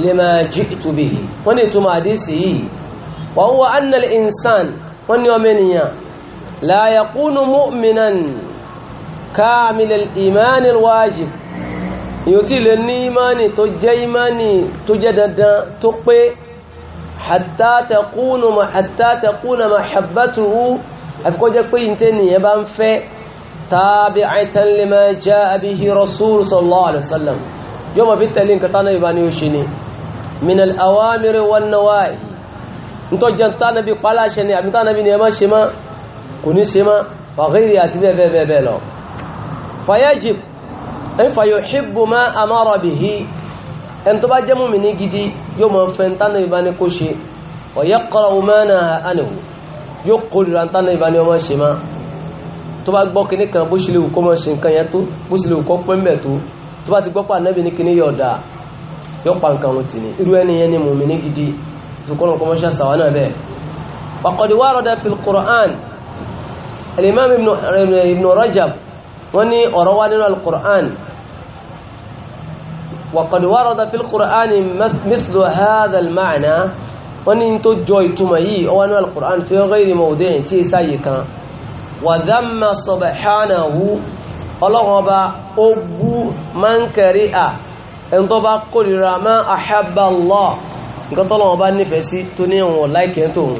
lima ji'tu bihi wọ́n ni túnmọ̀ àdísì yìí wa huwa anna al-insan wọ́n ni ọmọ ènìyàn la yakunu mu'minan kamilal iman al-wajib èyí ò imani tó jẹ́ imani tó jẹ́ dandan tó pé hatta takunu ma hatta takuna mahabbatuhu afiko jẹ́ pé nte niyan bá ń fẹ́ tabi'atan lima jaa bihi rasul sallallahu alaihi wasallam yo ma bitalin ka tanabi bá ní ó ṣe ni min al awamir wan nawahi nto je tanabi pala ṣe ni àbí tanabi ni ẹ má ṣe mọ́ kò ní ṣe ghairi àti bẹ́ẹ̀ bẹ́ẹ̀ bẹ́ẹ̀ lọ fayajib ay fayuhibbu ma amara bihi ẹni tó bá jẹ́ mùmínì gidi yóò máa fẹ́ ntánà ìbá ní kó ṣe ọ̀yẹ́ kọ́ra ọmọ́nà ànìwò yóò kórìíra ntánà ìbá ní ọmọ ṣe máa tó bá gbọ́ kíní kan bó ṣe lè wù kó máa ṣe nǹkan yẹn tó bó ṣe lè wù kó tó tó bá ti gbọ́ pà nẹ́bí ní kíní yọ̀ dà yọ̀ pa nǹkan wọn tì irú ẹni yẹn ni mùmínì gidi sùkúrò kó máa في القرآن الإمام ابن رجب وني أروان القرآن وقد ورد في القرآن مثل هذا المعنى وان تجوي تمي او ان القرآن في غير موضع تي سايكا وذم سبحانه الله با ابو من كريا ان تو با كولرا ما احب الله nkan tó lọ́wọ́ bá nífẹ̀ẹ́ sí tó ní ìwọ̀n láìkẹ́ tó hùn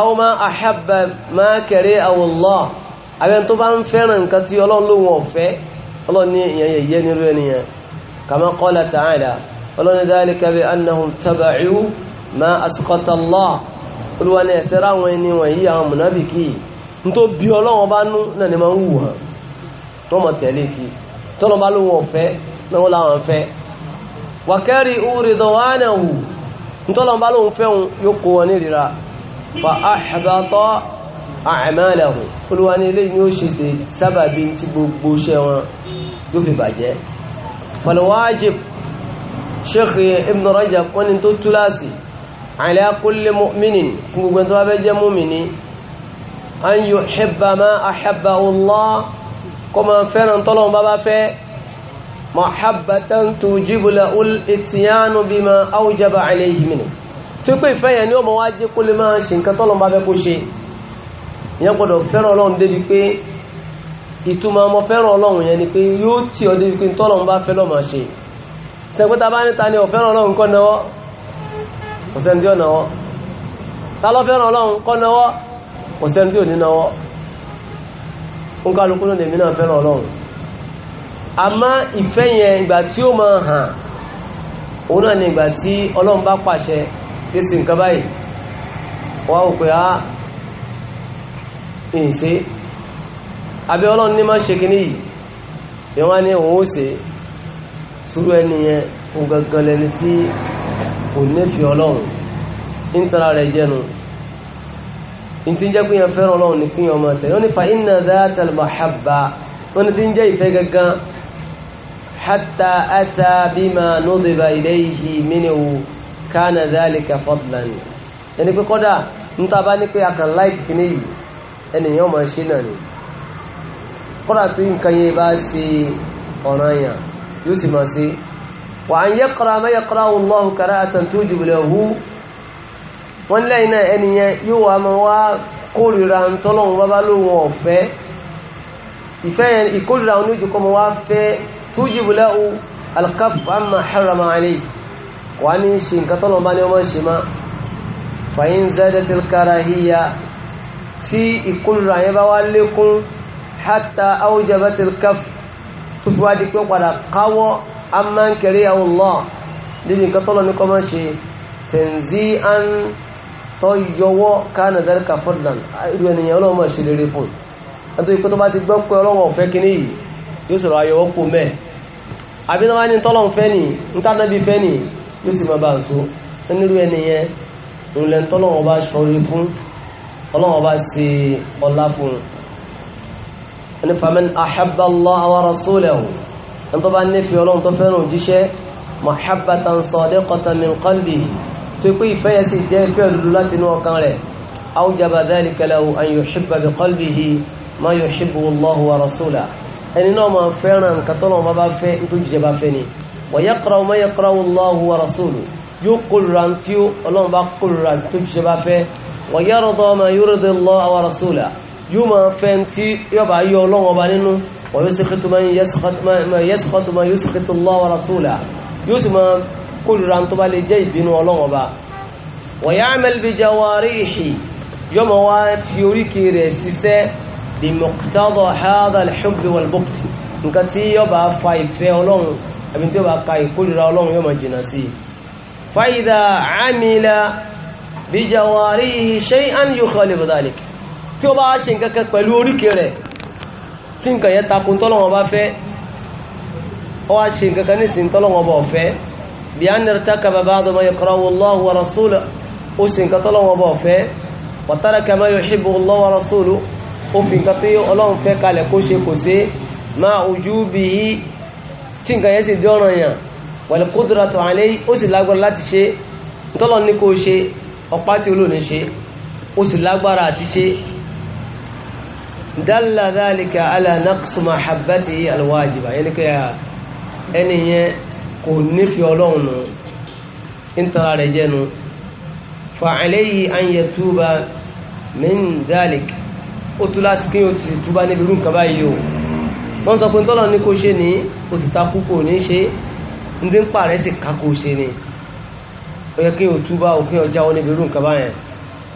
aw ma ahabba ma karihahu Allah abẹ́ tó bá ń fẹ́ràn nǹkan tí ọlọ́run ló wọ̀n fẹ́ ọlọ́run ní ìyẹn yẹ̀yẹ́ nírú ẹniyàn كما قال تعالى ولن ذلك بأنهم تبعوا ما أسقط الله قل وانا يسرا ويني وهي منافقي انتو بيولون بانو ناني ما هو توما تليكي توما بالو وفي نولا وفي وكارئوا رضوانه انتو لهم بالو وفي يقوى نيرا فأحبط أعماله قل وانا لي نيوشي سبب انتبو بوشي وان يوفي باجي falwajib sheikh ibn rajab wọ́n ni tó túláàsì ala kulli mu'minin fún gbogbo tó wábẹ́ jẹ́ mu'mini an yuhibba ma ahabba Allah kó ma fẹ́ràn tọ́lọ́n bá bá fẹ́ mahabbatan tujibu lahul ityanu bima awjaba alayhi minhu tó pé ìfẹ́ yẹn ni ó ma wá jẹ́ kó lè máa ṣe nǹkan tọ́lọ́n bá fẹ́ kó ṣe ìyẹn gbọ́dọ̀ fẹ́ràn ọlọ́run débi pé ìtumọ̀ ọmọ fẹ́ràn ọlọ́run yẹn ni pé yóò tí ọ dé pé tọ́lọ́run bá fẹ́ lọ́mọ ṣe sẹ́gbẹ́ta bá níta ni ọ̀fẹ́ràn ọlọ́run kọ́ náwọ́ ọ̀sẹ́ni tí ó náwọ́ ta ló fẹ́ràn ọlọ́run kọ́ náwọ́ ọ̀sẹ́ni tí ò ní náwọ́ ń kálukú ló lèmi náà fẹ́ràn ọlọ́run àmọ́ ìfẹ́ yẹn ìgbà tí ó máa hàn òun náà ni ìgbà tí ọlọ́run bá pàṣẹ kí sì nǹkan báyìí wọ́n á wò pé á ìyìn sí àbí ọlọ́run ní máa ṣe kíní yìí bí wọ́n ní òun ó ṣe sùúrù ẹni yẹn kó gangan lẹni tí kò nífẹ̀ẹ́ ọlọ́run ń tara rẹ̀ jẹnu ń ti jẹ́ pínyàn fẹ́ràn ọlọ́run ní pínyàn ọmọ tẹ̀lé wọ́n ní fa inna dhatal mahabba wọ́n ní ti ń jẹ́ ìfẹ́ gangan hatta ata bima nudiba ilayhi minhu kana dhalika fadlan ẹni pé kọ́dà ń taba ní pé akàn láìpì kíní yìí ẹni yẹn ọmọ ṣe náà ni kọ́dà tí nǹkan yẹn bá ṣe ọ̀ràn yàn yóò sì máa ṣe wà á ń yẹ́kọ́ra mẹ́yẹ́kọ́ra Allahu karahatan tujibu lahu wọ́n lẹ́yìn náà ẹni yẹn yóò wá máa wá kórìíra ń tọ́lọ́run bábá lóhun ọ̀fẹ́ ìfẹ́ yẹn ìkórìíra ń lójú kọ́ máa wá fẹ́ tujibu lahu alkafu amma harama alayhi wà ní ṣe nǹkan tọ́lọ́run bá ní ọmọ ṣe máa fàyín zẹ́dẹ̀tìl karahiyya tí ìkórìíra yẹn bá wá lékún hata awjabatil kaf tó fi wá di pé padà káwọ́ a máa ń kẹrí àwọn lọ níbi nǹkan tọ́lọ an tọ́ yọwọ́ ka dárka fọ́dàn irú ènìyàn ọlọ́mọ ṣe lè rí fún nítorí pé tó ti gbọ́ pé ọlọ́wọ́ fẹ́ kíní yìí yóò so ọlá fún ẹni faman ahabba Allah wa rasulahu ẹni tó bá nífẹ̀ẹ́ ọlọ́run tó fẹ́ràn òjíṣẹ́ mahabbatan sadiqatan min qalbihi tó pé ìfẹ́ yẹn sì jẹ́ ìfẹ́ òdodo láti inú ọkàn rẹ̀ awjaba dhalika lahu an yuhibba bi qalbihi ma yuhibbu Allah wa rasulahu ẹni náà máa fẹ́ràn nǹkan tó lọ́wọ́ bá fẹ́ nítorí jẹba fẹ́ bá fẹ́ wa yóò máa fẹ́ tí yọba yọ ọlọ́wọ́ ọba nínú wa yaskhatu man yaskhatu man yaskhatu Allah wa rasulahu yóò sì máa kólura tó bá lè jẹ́ ìbínú ọlọ́wọ́ ọba wa ya'mal bi jawarihi yọ máa wá fi oríkì rẹ̀ ṣiṣẹ́ bi muqtada hadha al-hubb wal-bughd nǹkan tí yọba fa ìfẹ́ ọlọ́run àbí tí yọba ka ìkólura tí ó bá ṣe nǹkan kan pẹ̀lú oríkèé rẹ̀ tí nǹkan yẹn takò tọ́lọ́wọ́n bá fẹ́ ó wá ṣe nǹkan kan nísìnyí tọ́lọ́wọ́n bá ọ̀fẹ́ bí án nìrìtà kaba bá dọ̀mọ́ yẹ kọ́ra wọ lọ́wọ́ wa rasúlù ó ṣe nǹkan tọ́lọ́wọ́n bá ọ̀fẹ́ wàtàrà kama yóò ṣíbù lọ́wọ́ wa rasúlù ó fi nǹkan tó yẹ ọlọ́run fẹ́ kalẹ̀ kó ṣe kò sí máa ojú bí i tí nǹkan yẹn sì di yàn wàlẹ̀ kódùrà tó àlẹ́ dalla dhalika ala naqsu mahabbati alwajiba yẹni kí ẹni yẹn kò nífẹ̀ẹ́ ọlọ́run nù ń tara rẹ̀ jẹ́ nu fa alayhi an yatuba min dhalik ó tú láti kí o ti túbá níbi irú nǹkan báyìí o wọ́n sọ pé tọ́lọ̀ ní kò ṣe o sì takú kò ní ṣe ń dín pààrẹ́ sì ká kò ṣe ni ó yẹ kí o túbá òfin ọjà wọn níbi irú nǹkan báyẹn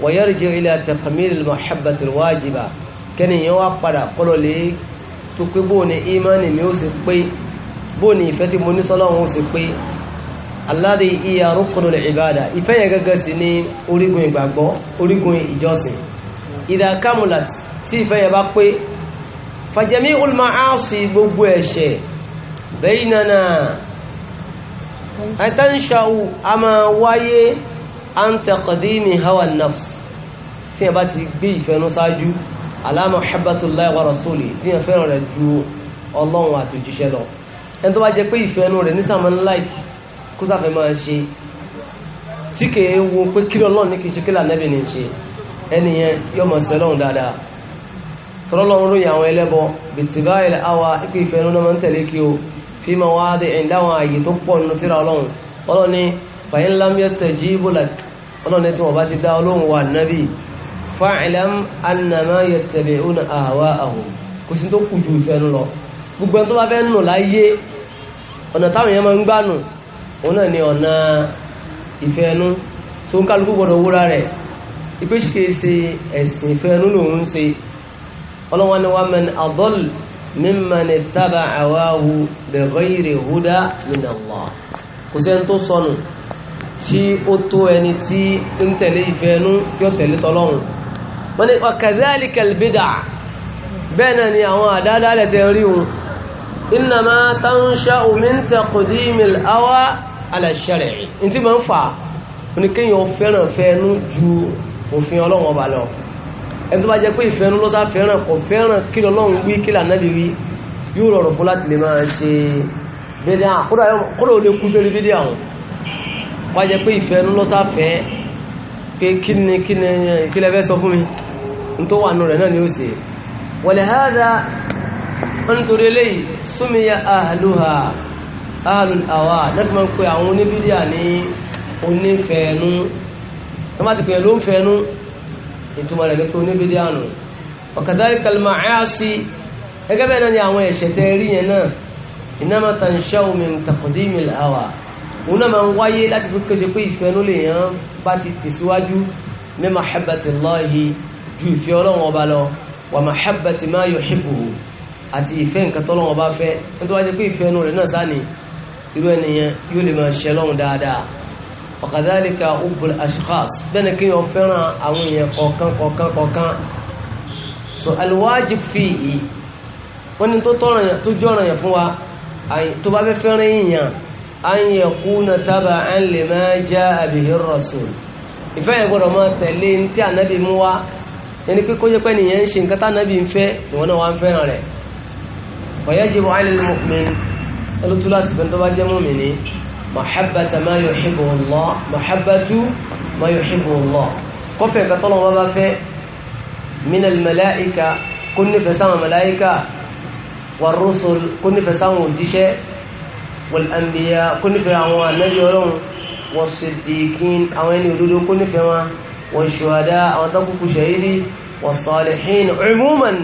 wa yarji ila taqmil almahabbati alwajiba kẹ́nìyàn wá padà kọ́lọ̀ lè tó pé bóò ni imani mi ó sì pé bóò ni ìfẹ́ tí mo ní sọ́lọ́run ó sì pé alladhi iya rukunul ibada ìfẹ́ yẹn gẹ́gẹ́ sí ní orígun ìgbàgbọ́ orígun ìjọsìn idha kamulat tí ìfẹ́ yẹn bá pé fàjẹ̀mí ulma'asi gbogbo ẹ̀ṣẹ̀ bainana àtàǹṣàwù a máa wáyé an taqdimi hawa nafs tí yẹn bá ti gbé ìfẹ́nu ṣáájú aláàmọ̀ habbatullahi wa rasuli tí yẹn fẹ́ràn rẹ̀ ju ọlọ́run àti òjíṣẹ́ lọ ẹni tó bá jẹ pé ìfẹ́ inú rẹ̀ nísàmọ́ láìkì kó sáfẹ́ máa ṣe tí kèé wo pé kí lọ́lọ́run ní kì í ṣe kí lànẹ́bì ní ṣe ẹni yẹn yọ mọ̀ sẹ́lọ́run dáadáa tọ́lọ́run ròyìn àwọn ẹlẹ́bọ bìtìbá ilẹ̀ àwa ipò ìfẹ́ náà máa ń tẹ̀lé kí o fi máa wá dé ẹ̀ńdá àwọn ààyè tó pọ̀ nínú tíra ọlọ́run ọlọ́ni fàyín lámíẹ́sẹ̀ jí ibùlà ọlọ́ni tí wọ́n bá ti dá ọlọ́run wà nábì fa'lam annama yattabi'una ahwa'ahum kò sí tó kù ju ìfẹ́ ń lọ gbogbo ẹni tó bá fẹ́ nù láyé ọ̀nà táwọn èèyàn máa ń gbà nù òun náà ni ọ̀nà ìfẹ́ ẹnu tó ń kálukú gbọdọ̀ wúra rẹ̀ ìpé ṣìkè ṣe ẹ̀sìn ìfẹ́ ẹnu lòun ń ni wọ́n mẹ́ni adọ́l mimman ittaba'a hawahu bighayri huda min Allah kò sẹ́ni tó sọnù tí ó tó ẹni tí ń tẹ̀lé ìfẹ́ ẹnu tí ó tẹ̀lé tọlọ́run wọ́n ni ọ̀kàdálìkàl bídà bẹ́ẹ̀ náà ni àwọn àdádálẹ̀ tẹ rí wọn iná máa tánṣá òmìntà kòdímìl awá aláṣẹ́rẹ̀ ní tí ma ń fà ní kíyàn fẹ́ràn fẹ́nu ju òfin ọlọ́wọ́n bá lọ ẹni tó pé ìfẹ́nu ló sá pé kí ni kí ni ìkílẹ̀ fẹ́ sọ fún mi n tó wà nù rẹ̀ náà ni ó sì wọ̀lẹ̀ hádá nítorí eléyìí súnmíyà ahàlúhà ahàlùhàwà láti máa ń pe àwọn oníbídíà ní onífẹ̀ẹ́nú tó má ti pè ló ń fẹ́ẹ́nú ìtumọ̀ rẹ̀ ní pé oníbídíà nù òun náà máa ń wáyé láti fi kéṣe pé ìfẹ́ ló lè yàn bá ti tẹ̀síwájú ní mahabbatillahi ju ìfẹ́ ọlọ́run ọba lọ wà mahabbati ma yuhibbuhu àti ìfẹ́ nǹkan tọ́lọ́run ọba fẹ́ nítorí wájú pé ìfẹ́ inú rẹ̀ náà sáà ni irú ẹnìyẹn yóò lè máa ṣe lọ́run dáadáa wa kadhalika ubul bẹ́ẹ̀ni kí wọ́n fẹ́ràn àwọn èèyàn kọ̀ọ̀kan kọ̀ọ̀kan kọ̀ọ̀kan so alwajib fihi wọ́n ni tó jọ́ràn yẹn fún wa tó bá fẹ́ fẹ́ràn èèyàn an yakuna taba'an lima jaa bihi ar-rasul ìfẹ́ yẹn gbọ́dọ̀ máa tẹ̀lé ní tí ànábì mú wá ẹni pé kó jẹ́ pé nìyẹn ń ṣe nǹkan tánábì ń fẹ́ ìwọ náà wá ń fẹ́ràn rẹ̀ wa yajibu 'ala al-mu'min olùtúlá sì fẹ́ tó bá jẹ́ mu'mini mahabbata ma yuhibbu Allah mahabbatu ma yuhibbu Allah kọfẹ́ nǹkan tọ́lọ́ bá fẹ́ min malaika kó nífẹ̀ẹ́ sáwọn màláíkà war-rusul kó nífẹ̀ẹ́ sáwọn òjíṣẹ́ wọ̀lẹ́mbíyà kó nífẹ̀ẹ́ àwọn ànábì ọlọ́run wọ́n sì dìgín àwọn ẹni òdodo kó nífẹ̀ẹ́ wọn wọ́n ṣùwádá àwọn tọ́kùkù ṣẹ̀yìdì wọ́n salihin umuman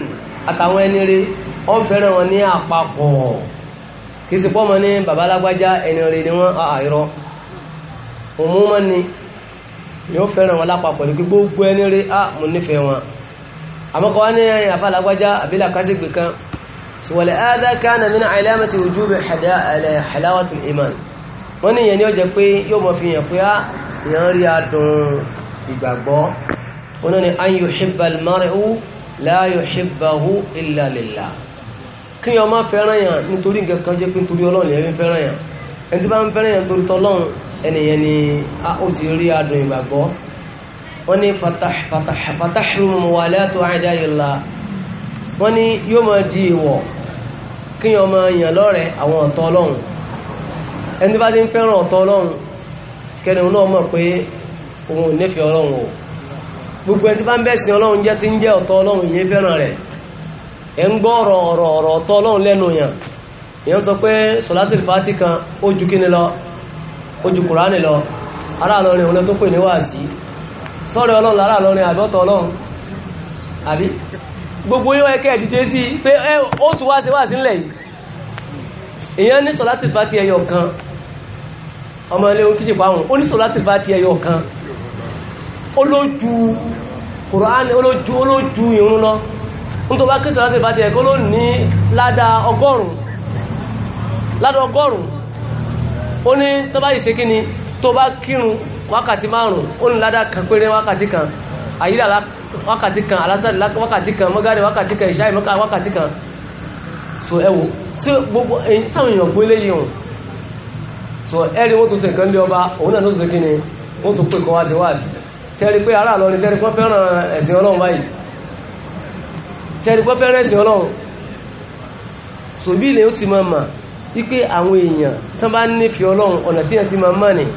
àtàwọn ẹni rẹ̀ wọ́n fẹ́ràn wọn ní àpapọ̀ kì í sì pọ́mọ ní babalágbájá ẹni rẹ̀ ni wọ́n àìrọ́ umuman ni ولهذا كان من علامة وجوب حلاوة الإيمان wọ́n ní ìyẹn ni ó jẹ́ pé yóò mọ̀ fi hàn pé á ìyàn rí adùn ìgbàgbọ́ wọn ni an yuhibba al-mar'u la yuhibbahu illa lillah kí yọ máa fẹ́ràn yàn nítorí nǹkan kan jẹ́ pé nítorí ọlọ́run ẹ̀mí fẹ́ràn yàn ẹni tí bá ń fẹ́ràn yàn torí tọ́lọ́run ẹnìyẹn ni a ó ti rí adùn ìgbàgbọ́ wọ́n ní fatahrumu muwalatu a'da'illah wọ́n ní yóò máa di ìwọ̀ kí yọ ọmọ èèyàn lọ́rẹ̀ àwọn ọ̀tọ̀ ọlọ́run ẹni bá ti ń fẹ́ràn ọ̀tọ̀ ọlọ́run kẹni òun náà mọ̀ pé òun nífẹ̀ẹ́ ọlọ́run o gbogbo ẹni tí bá ń bẹ̀sìn ọlọ́run jẹ́ ti ń jẹ́ ọ̀tọ̀ ọlọ́run ìyẹn fẹ́ràn rẹ̀ ẹ̀ ń gbọ́ ọ̀rọ̀ ọ̀rọ̀ ọ̀rọ̀ ọ̀tọ̀ ọlọ́run lẹ́nu yàn èèyàn sọ pé sọ̀látìlì fàátì kan ó ju kíni lọ ó kùránì lọ aráàlọ́rin òun tó pè ní wàásí sọ́ọ̀rẹ́ ọlọ́run aráàlọ́rin àbí ọlọ́run àbí gbogbo yíwá ẹkẹ́ ìdíje sí pé ó tún wá sí wá sílẹ̀ yìí èyàn ní sọ̀látì fàtí ẹyọ kan ọmọ ilé oúnjẹ pàwọn ó ní sọ̀látì fàtí ẹyọ kan olójú kùránì olójú olójú ìrún lọ nítorí wá kí sọ̀látì fàtí ẹ̀kọ́ ló ní ládà ọgọ́rùn ládà ọgọ́rùn ó ní tó bá ìṣe kíni tó bá kírun wákàtí márùn ó ní ládà kan péré wákàtí kan àyílà wákàtí kan alásàrì wákàtí kan mọ́gárì wákàtí kan ìṣáì wákàtí kan so ẹwò tí gbogbo èyí sáwọn èèyàn gbé léyìn hùn so ẹ̀rí wọ́n tó ṣe nǹkan lé ọba òun náà ló ṣe kí ni wọ́n tó pè kọ́ wá sí wá sí tẹ́rí pé ará lọ ni tẹ́rí pé fẹ́ràn ẹ̀sìn ọlọ́run báyìí tẹ́rí pé fẹ́ràn ẹ̀sìn ọlọ́run so bí ilẹ̀ ó ti máa mà wípé àwọn èèyàn tán bá nífẹ̀ẹ́ ọlọ́run ọ̀nà tí yẹn ti máa mà nìyí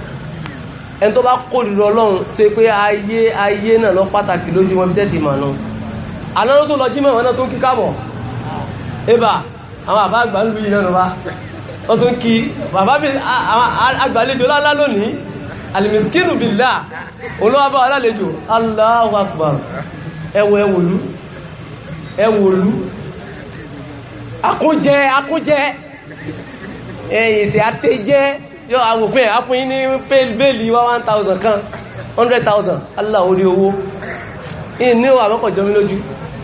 ẹni tó bá kórìíra ọlọ́run tó pé ayé ayé náà lọ pàtàkì lójú wọn tẹ́tì mà náà aláwọ̀ tó lọ jí mẹ́wọ̀n náà tó ń kí káàbọ̀ ẹbà àwọn àbá àgbà ń lu yìí náà wọ́n tó ń kí bàbá bí àgbàlejò lálá lónìí alìmìsíkínù billah olóòbá alálejò Allahu Akbar ẹwọ ẹwòlú ẹwòlú akójẹ akójẹ ẹ̀yìn tí a tẹ́ jẹ́ yọ àwòfin ẹ̀ afún yí ní bẹ́ẹ̀lì wá 1000 kan 100,000 Allah orí owó inú àmọ́kànjọ́ mi lójú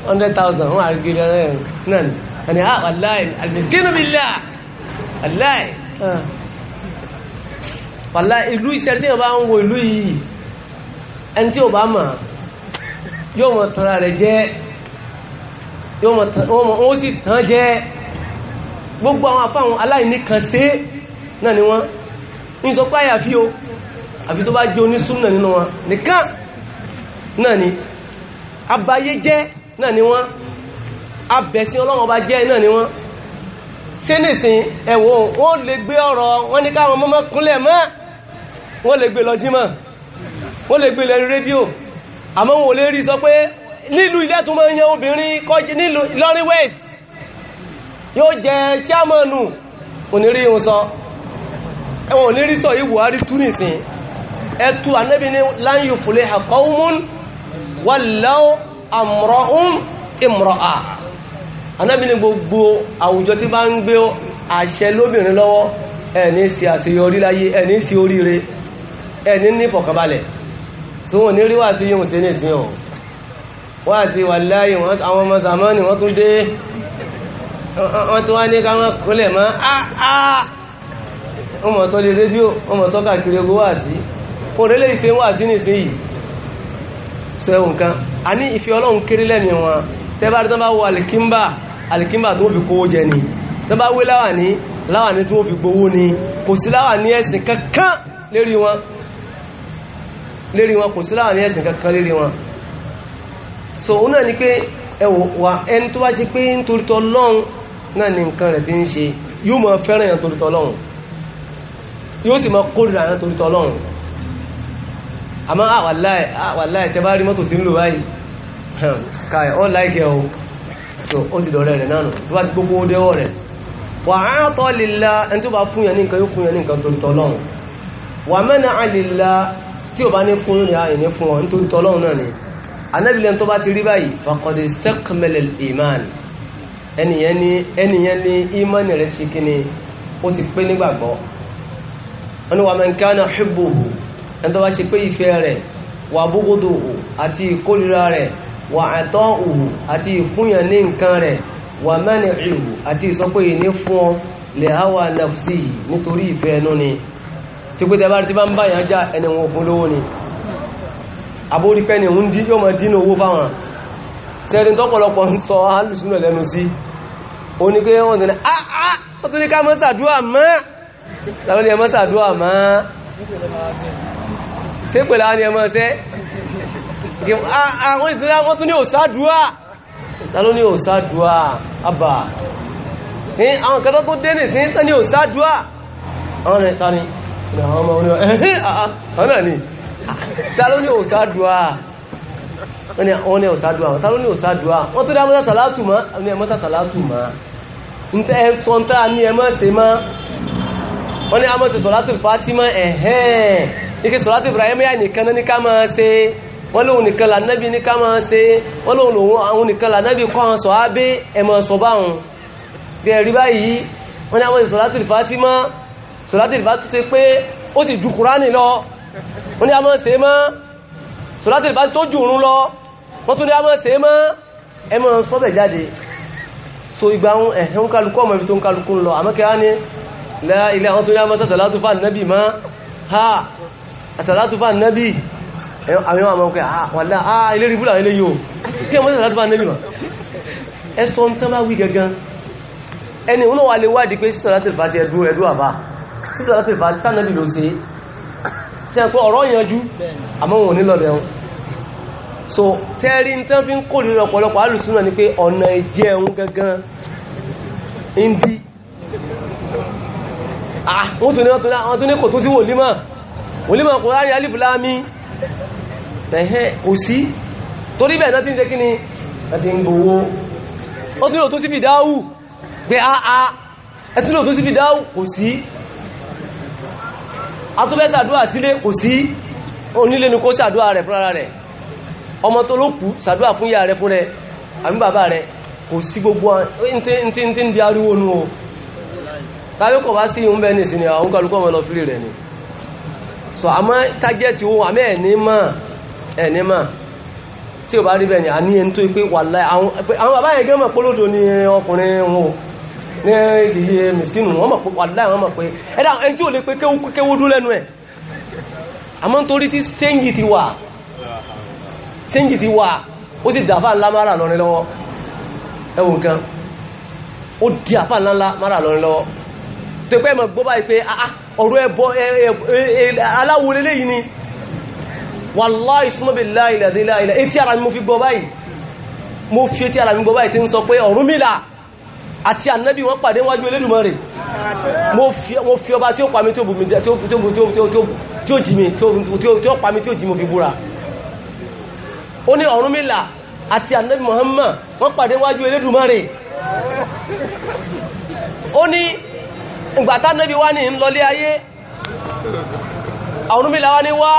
100,000 wọ́n àrígiri ẹ̀rẹ́ e, náà ni ah wallahi alìsínú bí láà wallahi ah. wallahi ìlú iṣẹ́ tí wọ́n bá ń wo ìlú yìí ẹni tí ó bá mọ̀ yóò mọ̀ tọ́ra rẹ̀ jẹ́ yóò mọ̀ ó sì tán jẹ́ gbogbo àwọn afáwọn aláìníkan sí náà ni wọ́n ní sọ pé àyàfi o àfi tó bá jẹ́ onísúnnà nínú wọn nìkan náà ni abayé jẹ́ náà ni wọ́n abẹ̀sìn ọlọ́wọ́n bá jẹ́ náà ni wọ́n ṣé nìsín ẹ̀wọ̀ wọ́n lè gbé ọ̀rọ̀ wọn ní káwọn mọ́mọ́ kúnlẹ̀ mọ́ wọ́n lè gbé lọ jímọ̀ wọ́n lè gbé lẹ́nu rédíò àmọ́ wọn ò lè rí sọ pé nílùú ilẹ̀ tó máa ń yan obìnrin kọjí nílùú Ìlọrin west yóò jẹ chairmanu onírí ìhun sọ ẹwọ̀n ní rí sọ yí buhari tú nìsín ẹtù anẹ́bí ní lan yufliha qawmun wallaw amrahum imra'a anẹ́bí ní gbogbo àwùjọ tí bá ń gbé àṣẹ lóbìnrin lọ́wọ́ ẹni sí àṣeyọrí láyé ẹni sí oríire ẹni ní fọ̀kànbalẹ̀ tí wọ́n ní rí wà sí yóò sí nìsín o tún wá ní káwọn kúlẹ̀ mọ́ áá ah, ah, wọ́n mọ̀ sọ́ lé rédíò wọ́n mọ̀ sọ́ káàkiri ogun wà sí kò rí lè ṣe wà sí nìsíyìí sọ ẹ̀wọ̀n kan a ní ìfẹ́ ọlọ́run kéré lẹ́ni wọn tẹ́bá tán bá wọ alikimba alikimba tó fi kówó jẹ ni tán bá wé láwàní láwàní tó fi gbowó ni kò sí láwàní ẹ̀sìn kankan lérí wọn lérí wọn kò sí láwàní ẹ̀sìn kankan lérí wọn so òun náà ni pé ẹwọ wà ẹni tó bá ṣe pé nítorí tọlọ́run náà ni nǹkan rẹ̀ ti ń ṣe yóò mọ fẹ́ràn yẹn torí tọlọ́run yóò sì mọ kórìíra náà torí tọ́lọ́run àmọ́ àwàláì àwàláì tẹ bá rí mọ́tò tí ń lò báyìí káì ọ́ láìkẹ́ o tó ó ti dọ̀rẹ́ rẹ̀ náà tó bá ti gbogbo dẹ́wọ́ rẹ̀ wà á tọ́ lílá ẹni tó bá fún yẹn nìkan yóò fún yẹn nìkan torí tọ́lọ́run wà mẹ́nà á lílá tí ò bá ní fún rẹ̀ àyè ní fún ọ nítorí tọ́lọ́run náà ni anábìlẹ̀ tó bá ti rí báyìí fàkọ̀dé stekmelel iman ẹnìyẹn ni ẹnìyẹn ni iman rẹ̀ ṣe kíni ó ti pé nígbàgbọ́ wọn wà man kana hubbuhu ẹni tó bá ṣe pé ìfẹ́ rẹ̀ wà bughduhu àti ìkórira rẹ̀ wà ata'uhu àti ìfúnyàn ní nǹkan rẹ̀ wà man'uhu àti ìsọpé ìní fún ọ li hawa nafsihi nítorí ìfẹ́ ẹnu ni tí pé tẹ́bá tí bá ń báyàn já ẹni wọn fún lówó ni àbórípẹ́ ni ń yóò mọ̀ dínà owó fáwọn sẹ́rin tọ́pọ̀lọpọ̀ ń sọ alùsùnà lẹ́nu sí oníkẹ́ wọ́n tẹ́lẹ̀ ah ah ó tún ní ká mọ́ sàdúwà mọ́ láwọn ni ẹmọ́ sàdúwà má ṣe pẹ̀lú àwọn ni ẹmọ́ ṣẹ́ wọ́n tún ní òsàdúwà láwọn ni òsàdúwà àbà ní àwọn kẹta tó dé nìsí tán ní òsàdúwà àwọn rẹ̀ tani àwọn ọmọ oníwà ẹ̀hìn àwọn náà ni tàló ní òsàdúwà wọ́n ní òsàdúwà tàló ní òsàdúwà wọ́n tó dá mọ́sàsàlátù mọ́ ní ẹmọ́sàsàlátù mọ́ wọ́n ní amọ́ ti sọ̀látù Fatima ẹ̀hẹ́n ike sọ̀látù Ibrahim yà nìkan náà ní ká máa ṣe wọ́n lóhun nìkan lànàbí ní ká máa ṣe wọ́n lóhun àwọn nìkan lànàbí kọ́ àwọn sọ ábé ẹ̀mọ̀ sọ báhùn bí ẹ̀rí báyìí wọ́n ní amọ́ ti sọ̀látù Fatima sọ̀látù Fatima ṣe pé ó sì ju Kùránì lọ wọ́n ní amọ́ mọ́ sọ̀látù Fatima tó ju òun lọ wọ́n tún ní amọ́ mọ́ ẹ̀mọ̀ sọ́bẹ̀ jáde so ìgbà ẹ̀hẹ́ ń kálukú ọmọ ibi tó ń kálukú lọ àmọ́kẹ́ á ní la ilaha tó ní a máa sàṣàlátù fà nábì má ha àṣàlátù fà nábì àwọn àmọ́ pé ah, wàlá àà ah, ilé rí fúlà ilé yóò kí a máa sàṣàlátù fà nábì má ẹ sọ ń tán bá wí gangan ẹni wọn wà lè wádìí pé sàṣàlátù fà ṣe ẹdú ẹdú àbá sàṣàlátù fà sànábì ló ṣe tí a ọ̀rọ̀ yanjú àmọ́ ní lọ́bẹ̀ wọn so tẹ́rí ń tán fi ń kórìíra ọ̀pọ̀lọpọ̀ alùsùn náà ni pé ọ̀nà ìjẹun gangan ń àwọn ah, tó ní wọ́n tó ní kò tó sí wòlímọ̀ wòlímọ̀ kò rárí alìfúlámi ẹ̀hẹ́ kò sí torí bẹ̀ẹ̀ náà ti ń ṣe kí ni ẹ̀tì ń gbòwó ó tí lò tó sí fi dáwù gbé àà ẹ̀tì lò tó sí fi dáwù kò sí atúbẹ́sàdúwà sílé kò sí onílé ní kó sàdúwà rẹ̀ fúnra rẹ̀ ọmọ tó ló kú sàdúwà fún ìyá rẹ̀ fún rẹ̀ àmì bàbá rẹ̀ kò sí gbogbo ẹ̀ tàbí kò bá sí ìhun bẹ́ẹ̀ nìsí ni àwọn kọlùkọ́ wọn lọ fírí rẹ̀ ni so àmọ́ tágẹ́tì ohun àmẹ́ ẹ̀ní mọ̀ ẹ̀ní tí bá rí bẹ́ẹ̀ ni a ní ẹni tó pé wà láì àwọn bàbá yẹn gẹ́mọ̀ polódo ni ọkùnrin wọn ní ìdílé mìsínú wọn mọ̀ wà láì wọn mọ̀ pé ẹ̀dá ẹni tí o lè pé kéwú dún lẹ́nu ẹ̀ ti wà ti wà ó sì tẹ́pẹ́ mọ̀ gbọ́ báyìí pé ọ̀rọ̀ ẹbọ aláwo lélẹ́ yìí ni wàláì súnmọ́bì láìlẹ̀ láìlẹ̀ etí ara mi mo fi gbọ́ báyìí mo fi etí ara mi gbọ́ báyìí tí ń sọ pé Ọ̀rúnmìlà àti ànábì wọ́n pàdé wájú Olódùmarè mo fi ọba tí ó pa mi tí ó bù mí tí ó jí mi tí ó pa tí ó jí fi búra ó ní Ọ̀rúnmìlà àti ànábì Muhammad wọ́n pàdé wájú Olódùmarè ó ní ìgbàtà náà bí wá ní ńlọlé ayé àwọn Ọ̀rúnmìlà wá ní wá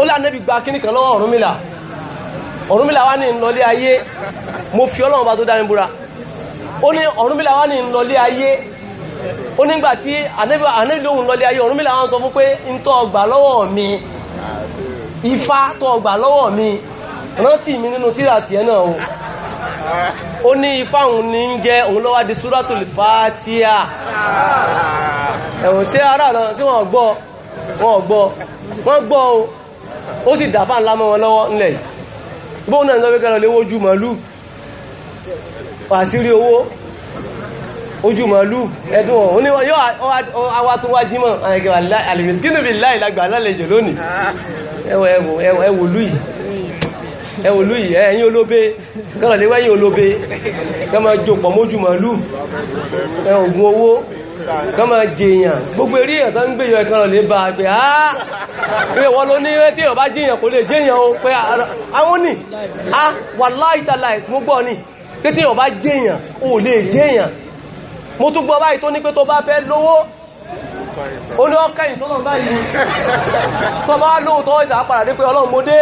ó lá náà bí gba kíní kan lọ́wọ́ Ọ̀rúnmìlà Ọ̀rúnmìlà wá ní ńlọlé ayé mo fi Ọlọ́run bá tó dá mi búra ó ní Ọ̀rúnmìlà wá ní ńlọlé ayé ó nígbà tí ànẹ́lóhun lọlé ayé Ọ̀rúnmìlà wá sọ fún pé ń tọ́ ọgbà lọ́wọ́ mi ifá tọ́ ọgbà lọ́wọ́ mi rántí mi nínú tíra tiẹ̀ náà o ó ní ifá òun ní ń jẹ́ òun lọ́wọ́ di súrátùlì fàtíà ah. ẹ̀wọ̀n sí ara náà tí wọ́n gbọ́ wọ́n gbọ́ wọ́n gbọ́ o ó sì dàfà ńlá mọ́ wọn lọ́wọ́ ńlẹ̀ bóun náà lọ́wọ́ kẹrọ lé ojú màálù àṣírí owó ojú màálù ẹ̀dùn ọ̀ ní wọ́n yóò àwa tó wá jímọ̀ àyẹ̀kẹ̀wà ẹwò lú yìí ẹ̀yìn olóbe kọ́nà lé wẹ́yìn olóbe kọ́mà jòpọ̀ mójúmọ̀ lú ẹ̀ọ̀gùn owó kọ́mà jèèyàn gbogbo eré èèyàn tó ń gbé yọ ẹ̀kọ́nà lé bá pé àá pé wọ́n ló ní tí ọba jèèyàn kò lè jèèyàn o pé àwọn ní a wà láìtàlà ìgbógbọ́ ní tètè ọba jèèyàn ò lè jèèyàn mo tún gbọ́ báyìí tó ní pé tó bá fẹ́ lówó olóòkẹ́yìn tó lọ́n báyìí tó bá lóòtọ́ ìṣàpàdà dé pé ọlọ́run mo dé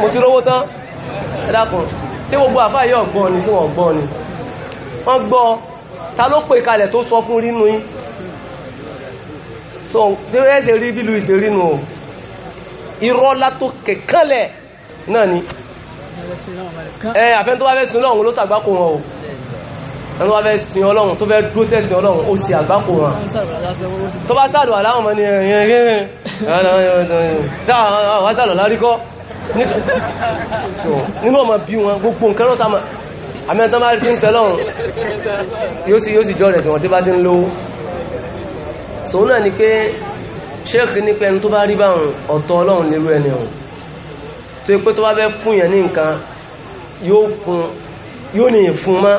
mo ti rówó tán ẹ̀dàkùn sí gbogbo àfáà yọ gbọ́n ni sí wọ́n gbọ́n ni wọ́n gbọ́ ta ló pè kalẹ̀ tó sọ fún rínú yí so ẹ̀ẹ́sẹ̀ rí bílù ìṣẹ̀ rínú o irọ́ látó kẹ̀kẹ́lẹ̀ náà ni ẹ̀ àfẹ́ tó wá fẹ́ sin lọ́hun ló sàgbákò wọn ẹ̀rọ wá fẹ́ sin ọlọ́run tó fẹ́ dúró sẹ́sìn ọlọ́run ó sì àgbákò wọn tó bá sàdọ̀ aláwọn ọmọ ni ẹ̀yẹn wá sàdọ̀ láríkọ́ nínú ọmọ bí wọn gbogbo nǹkan rọ́ sàmà àmì ẹ̀tọ́ bá rí tí ń sẹlọ́run yóò sì jọ rẹ̀ tí wọ́n tí bá ti ń lówó sòun náà ni pé sheikh ní pé ẹni tó bá rí báwọn ọ̀tọ̀ ọlọ́run nírú ẹni ọ̀hún tó yẹ pé tó bá fẹ́ fún yẹn ní nǹkan yóò fún yóò ní ìfún máa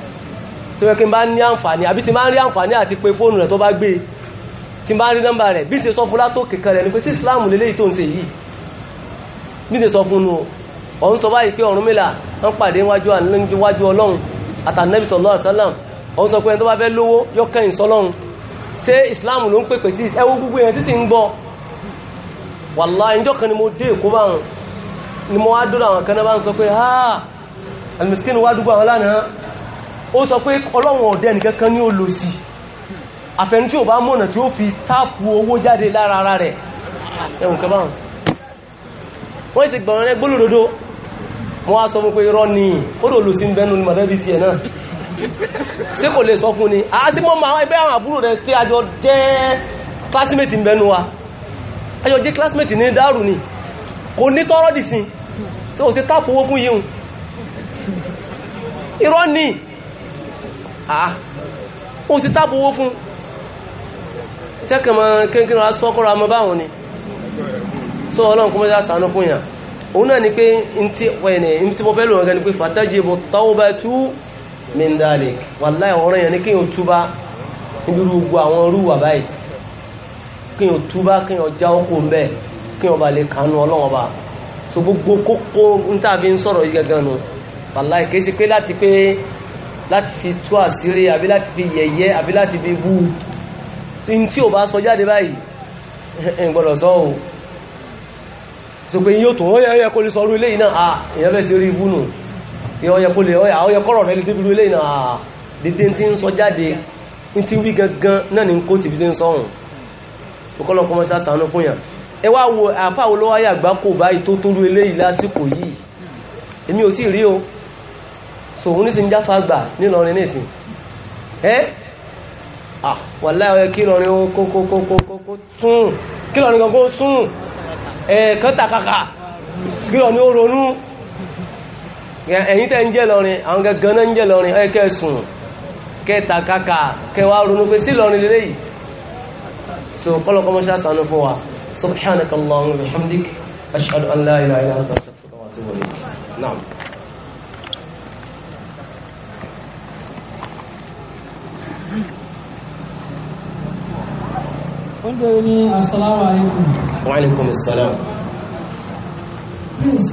tó yẹ kí n bá ní àǹfààní àbí tí n bá rí àǹfààní àti pé fóònù rẹ̀ tó bá gbé tí n bá rí nọ́mbà rẹ̀ bí ṣe sọ fún látó kẹ̀kẹ́ rẹ̀ ni pé sí islam lélẹ́yìí tó ń ṣe yìí bí ṣe sọ fún un ọ̀hún sọ báyìí pé Ọ̀rúnmìlà ń pàdé wájú ọlọ́run àtànẹ́bì sallallahu alaihi wasallam ọ̀hún sọ pé tó bá islam ló ń pèpè sí ẹwọ́ gbogbo èèyàn tí sì ń gbọ́ wallahi ìjọ kan ni mo dé èkó bá wọn ni mo wá dúró àwọn kan náà bá ń sọ pé ha alimiskin lánàá ó sọ pé ọlọ́run ọ̀dẹ́ nìkan kan ní ó lò sí àfẹni tí ó bá mọ̀nà tí ó fi táàpù owó jáde lára ara rẹ̀ ẹ̀wùn kẹbàrún wọ́n sì gbọ̀nà rẹ̀ gbólódodo mo wá sọ fún pé irọ́ ni ó lò lò sí ń bẹ́nu mọ̀lẹ́bí tiẹ̀ náà ṣé kò lè sọ fún ni a sì mọ́ máa ẹgbẹ́ àwọn àbúrò rẹ̀ tí ajọ jẹ́ classmate ń bẹ́nu wa ajọ jẹ́ classmate ní dàrú ni o ṣe táàpù ni àá ah, ó sì tábòwó fún tẹ́kẹ̀mọ́ kínkín ra sọ́kọ́ra mọ́ báwọn ni sọ ọlọ́run kó mọ́já sànú fún yàn òun náà ni pé ntí wẹ̀nẹ̀ ntí mo fẹ́ lò wọ́n ni pé fatajibu tawbatu min dhalik wallahi ọ̀rọ̀ yẹn ni kí o túbá níbi gbogbo àwọn rúwà báyìí kí yóò túbá kí yóò já ọkọ̀ ń bẹ́ẹ̀ kí yóò bá lè kánú ọlọ́run ọba so gbogbo kókó ntàbí ń sọ̀rọ̀ yìí gẹ́gẹ́ nu wallahi kìí ṣe pé láti pé láti fi tú àṣírí àbí láti fi yẹ̀yẹ́ àbí láti fi bú tí tí ò bá sọ jáde báyìí gbọ́dọ̀ sọ ò so pé yíò tó yẹ kó lè sọrú ilé iná à èyàn fẹ́ sí orí ibú nù yẹ kó lè ọyẹ kọ́rọ̀ rẹ̀ lè débi ilé iná à dédé tí ń sọ jáde ní ti wí gangan náà ni kó tìbí tí ń sọ̀hún ọkọ̀lọ́kọ́ mọ́ sàánú fún yàn ẹ wá wo àfáwọlọ́wọ́ àyàgbá kò báyìí tó tó rú ilé yìí lásìkò yìí èmi ò tí rí o so òun ní sí ń jáfa gbà nílọrin ní ìsìn ẹ́ ah wàláhì ọ̀yẹ́ kí lọrin kókókókókó sún kí lọrin gangan sún ẹ̀ kọ́tàkàkà kí lọrin ó ronú ẹ̀yìn tẹ́ ń jẹ́ lọrin àwọn gangan náà ń jẹ́ lọrin ọ̀yẹ́ kẹ́ sùn kẹ́tàkàkà kẹwàá ronú pé sí lọrin lélẹ́yìí so kọ́lọ̀kọ́ mọ́ṣá sànú fún wa subhanakallahumma wa bihamdik ashhadu an la ilaha illa anta wa atubu ilayk wọ́n bẹ̀rẹ̀ ní assalamu alaikum wa please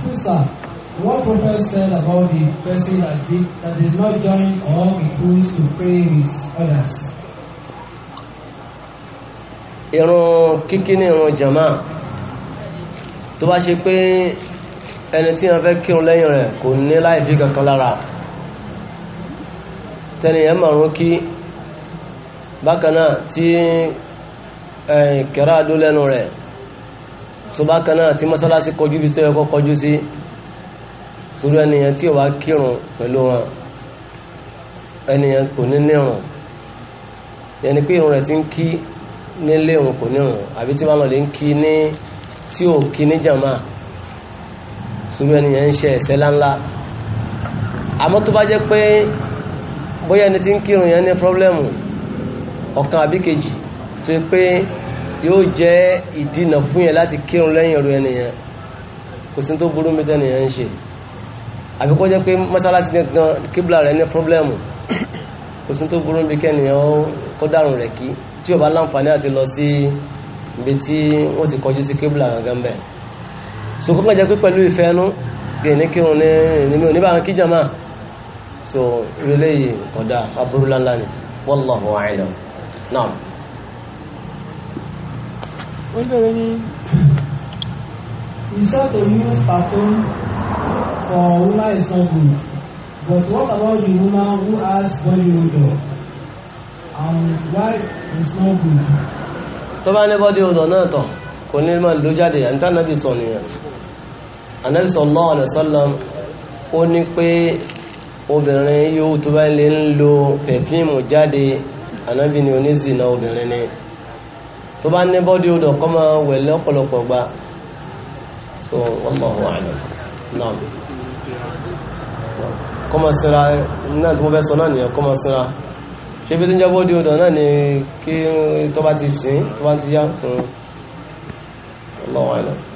please sir what prophet said about the person that did, that did not join the refuse to pray with others ìrun kíkí ní ìrun jama tó bá ṣe pé ẹni tí wọ́n fẹ́ kírun lẹ́yìn rẹ̀ kò ní láìfí kankan lára tẹniyàn márùn kí bákanáà tí kẹrà dó lẹ́nu rẹ̀ so bákanáà tí mọ́sálásí kọjú bí sẹ́yọ kọ́ kọjú sí sórí ẹniyàn tí ó wá kírun pẹ̀lú wọn ẹniyàn kò ní nírun yẹni pé irun rẹ̀ ti ń kí nílé òun kò nírun àbí tí bálọ̀ lè ń kí ní tí ò kí ní jàmá sórí ẹniyàn ń ṣe ẹ̀ṣẹ̀ láńlá àmọ́ tó bá jẹ́ pé bóyá ẹni tí ń kírun yẹn ní pọ́blẹ́mù ọ̀kan àbí kejì tó pé yóò jẹ́ ìdínà fún yẹn láti kírun lẹ́yìn ọ̀rọ̀ ẹnìyẹn kò sí tó burú mi tẹ́nìyẹn ń ṣe àbí kó jẹ́ pé mọ́sálásí gangan kíbla rẹ̀ ní pọ́blẹ́mù kò sí tó burú mi kẹ́nìyàn kó dàrún rẹ̀ kí tí ò bá láǹfààní àti lọ sí ibi tí wọ́n ti kọjú sí kíbla gangan bẹ́ẹ̀ so kó kàn jẹ́ pé pẹ̀lú ìfẹ́ nú gẹ̀ẹ́ni kírun ní èmi ò ní kíjàmá so ìrẹ̀lẹ̀ yìí aburú láńlá ni wallahu a'lam náà. wọ́n bẹ̀rẹ̀ ní. You said the meals performed for woman is not good but what about the woman who has body odor and why is not good. tó bá ní body odor náà tán kò ní máa ló jáde àǹtá nàbì sọ nìyẹn ànábì sallallahu alaihi wasallam ó ní pé obìnrin yóò tó bá lè ń lo pẹ̀fíìmù jáde anábì ni onízìnà obìnrin ni tó bá ní bọ́dí odò kọ́ máa wẹ̀ lọ́pọ̀lọpọ̀ gba so wọ́n mọ̀ wọ́n àlọ́ náà kọ́ máa sinra náà tó fẹ́ sọ náà nìyẹn kọ́ máa sinra ṣé bí tó bọ́dí odò náà ni kí tó bá ti sìn tó bá ti yá tó wọ́n mọ̀ wọ́n àlọ́.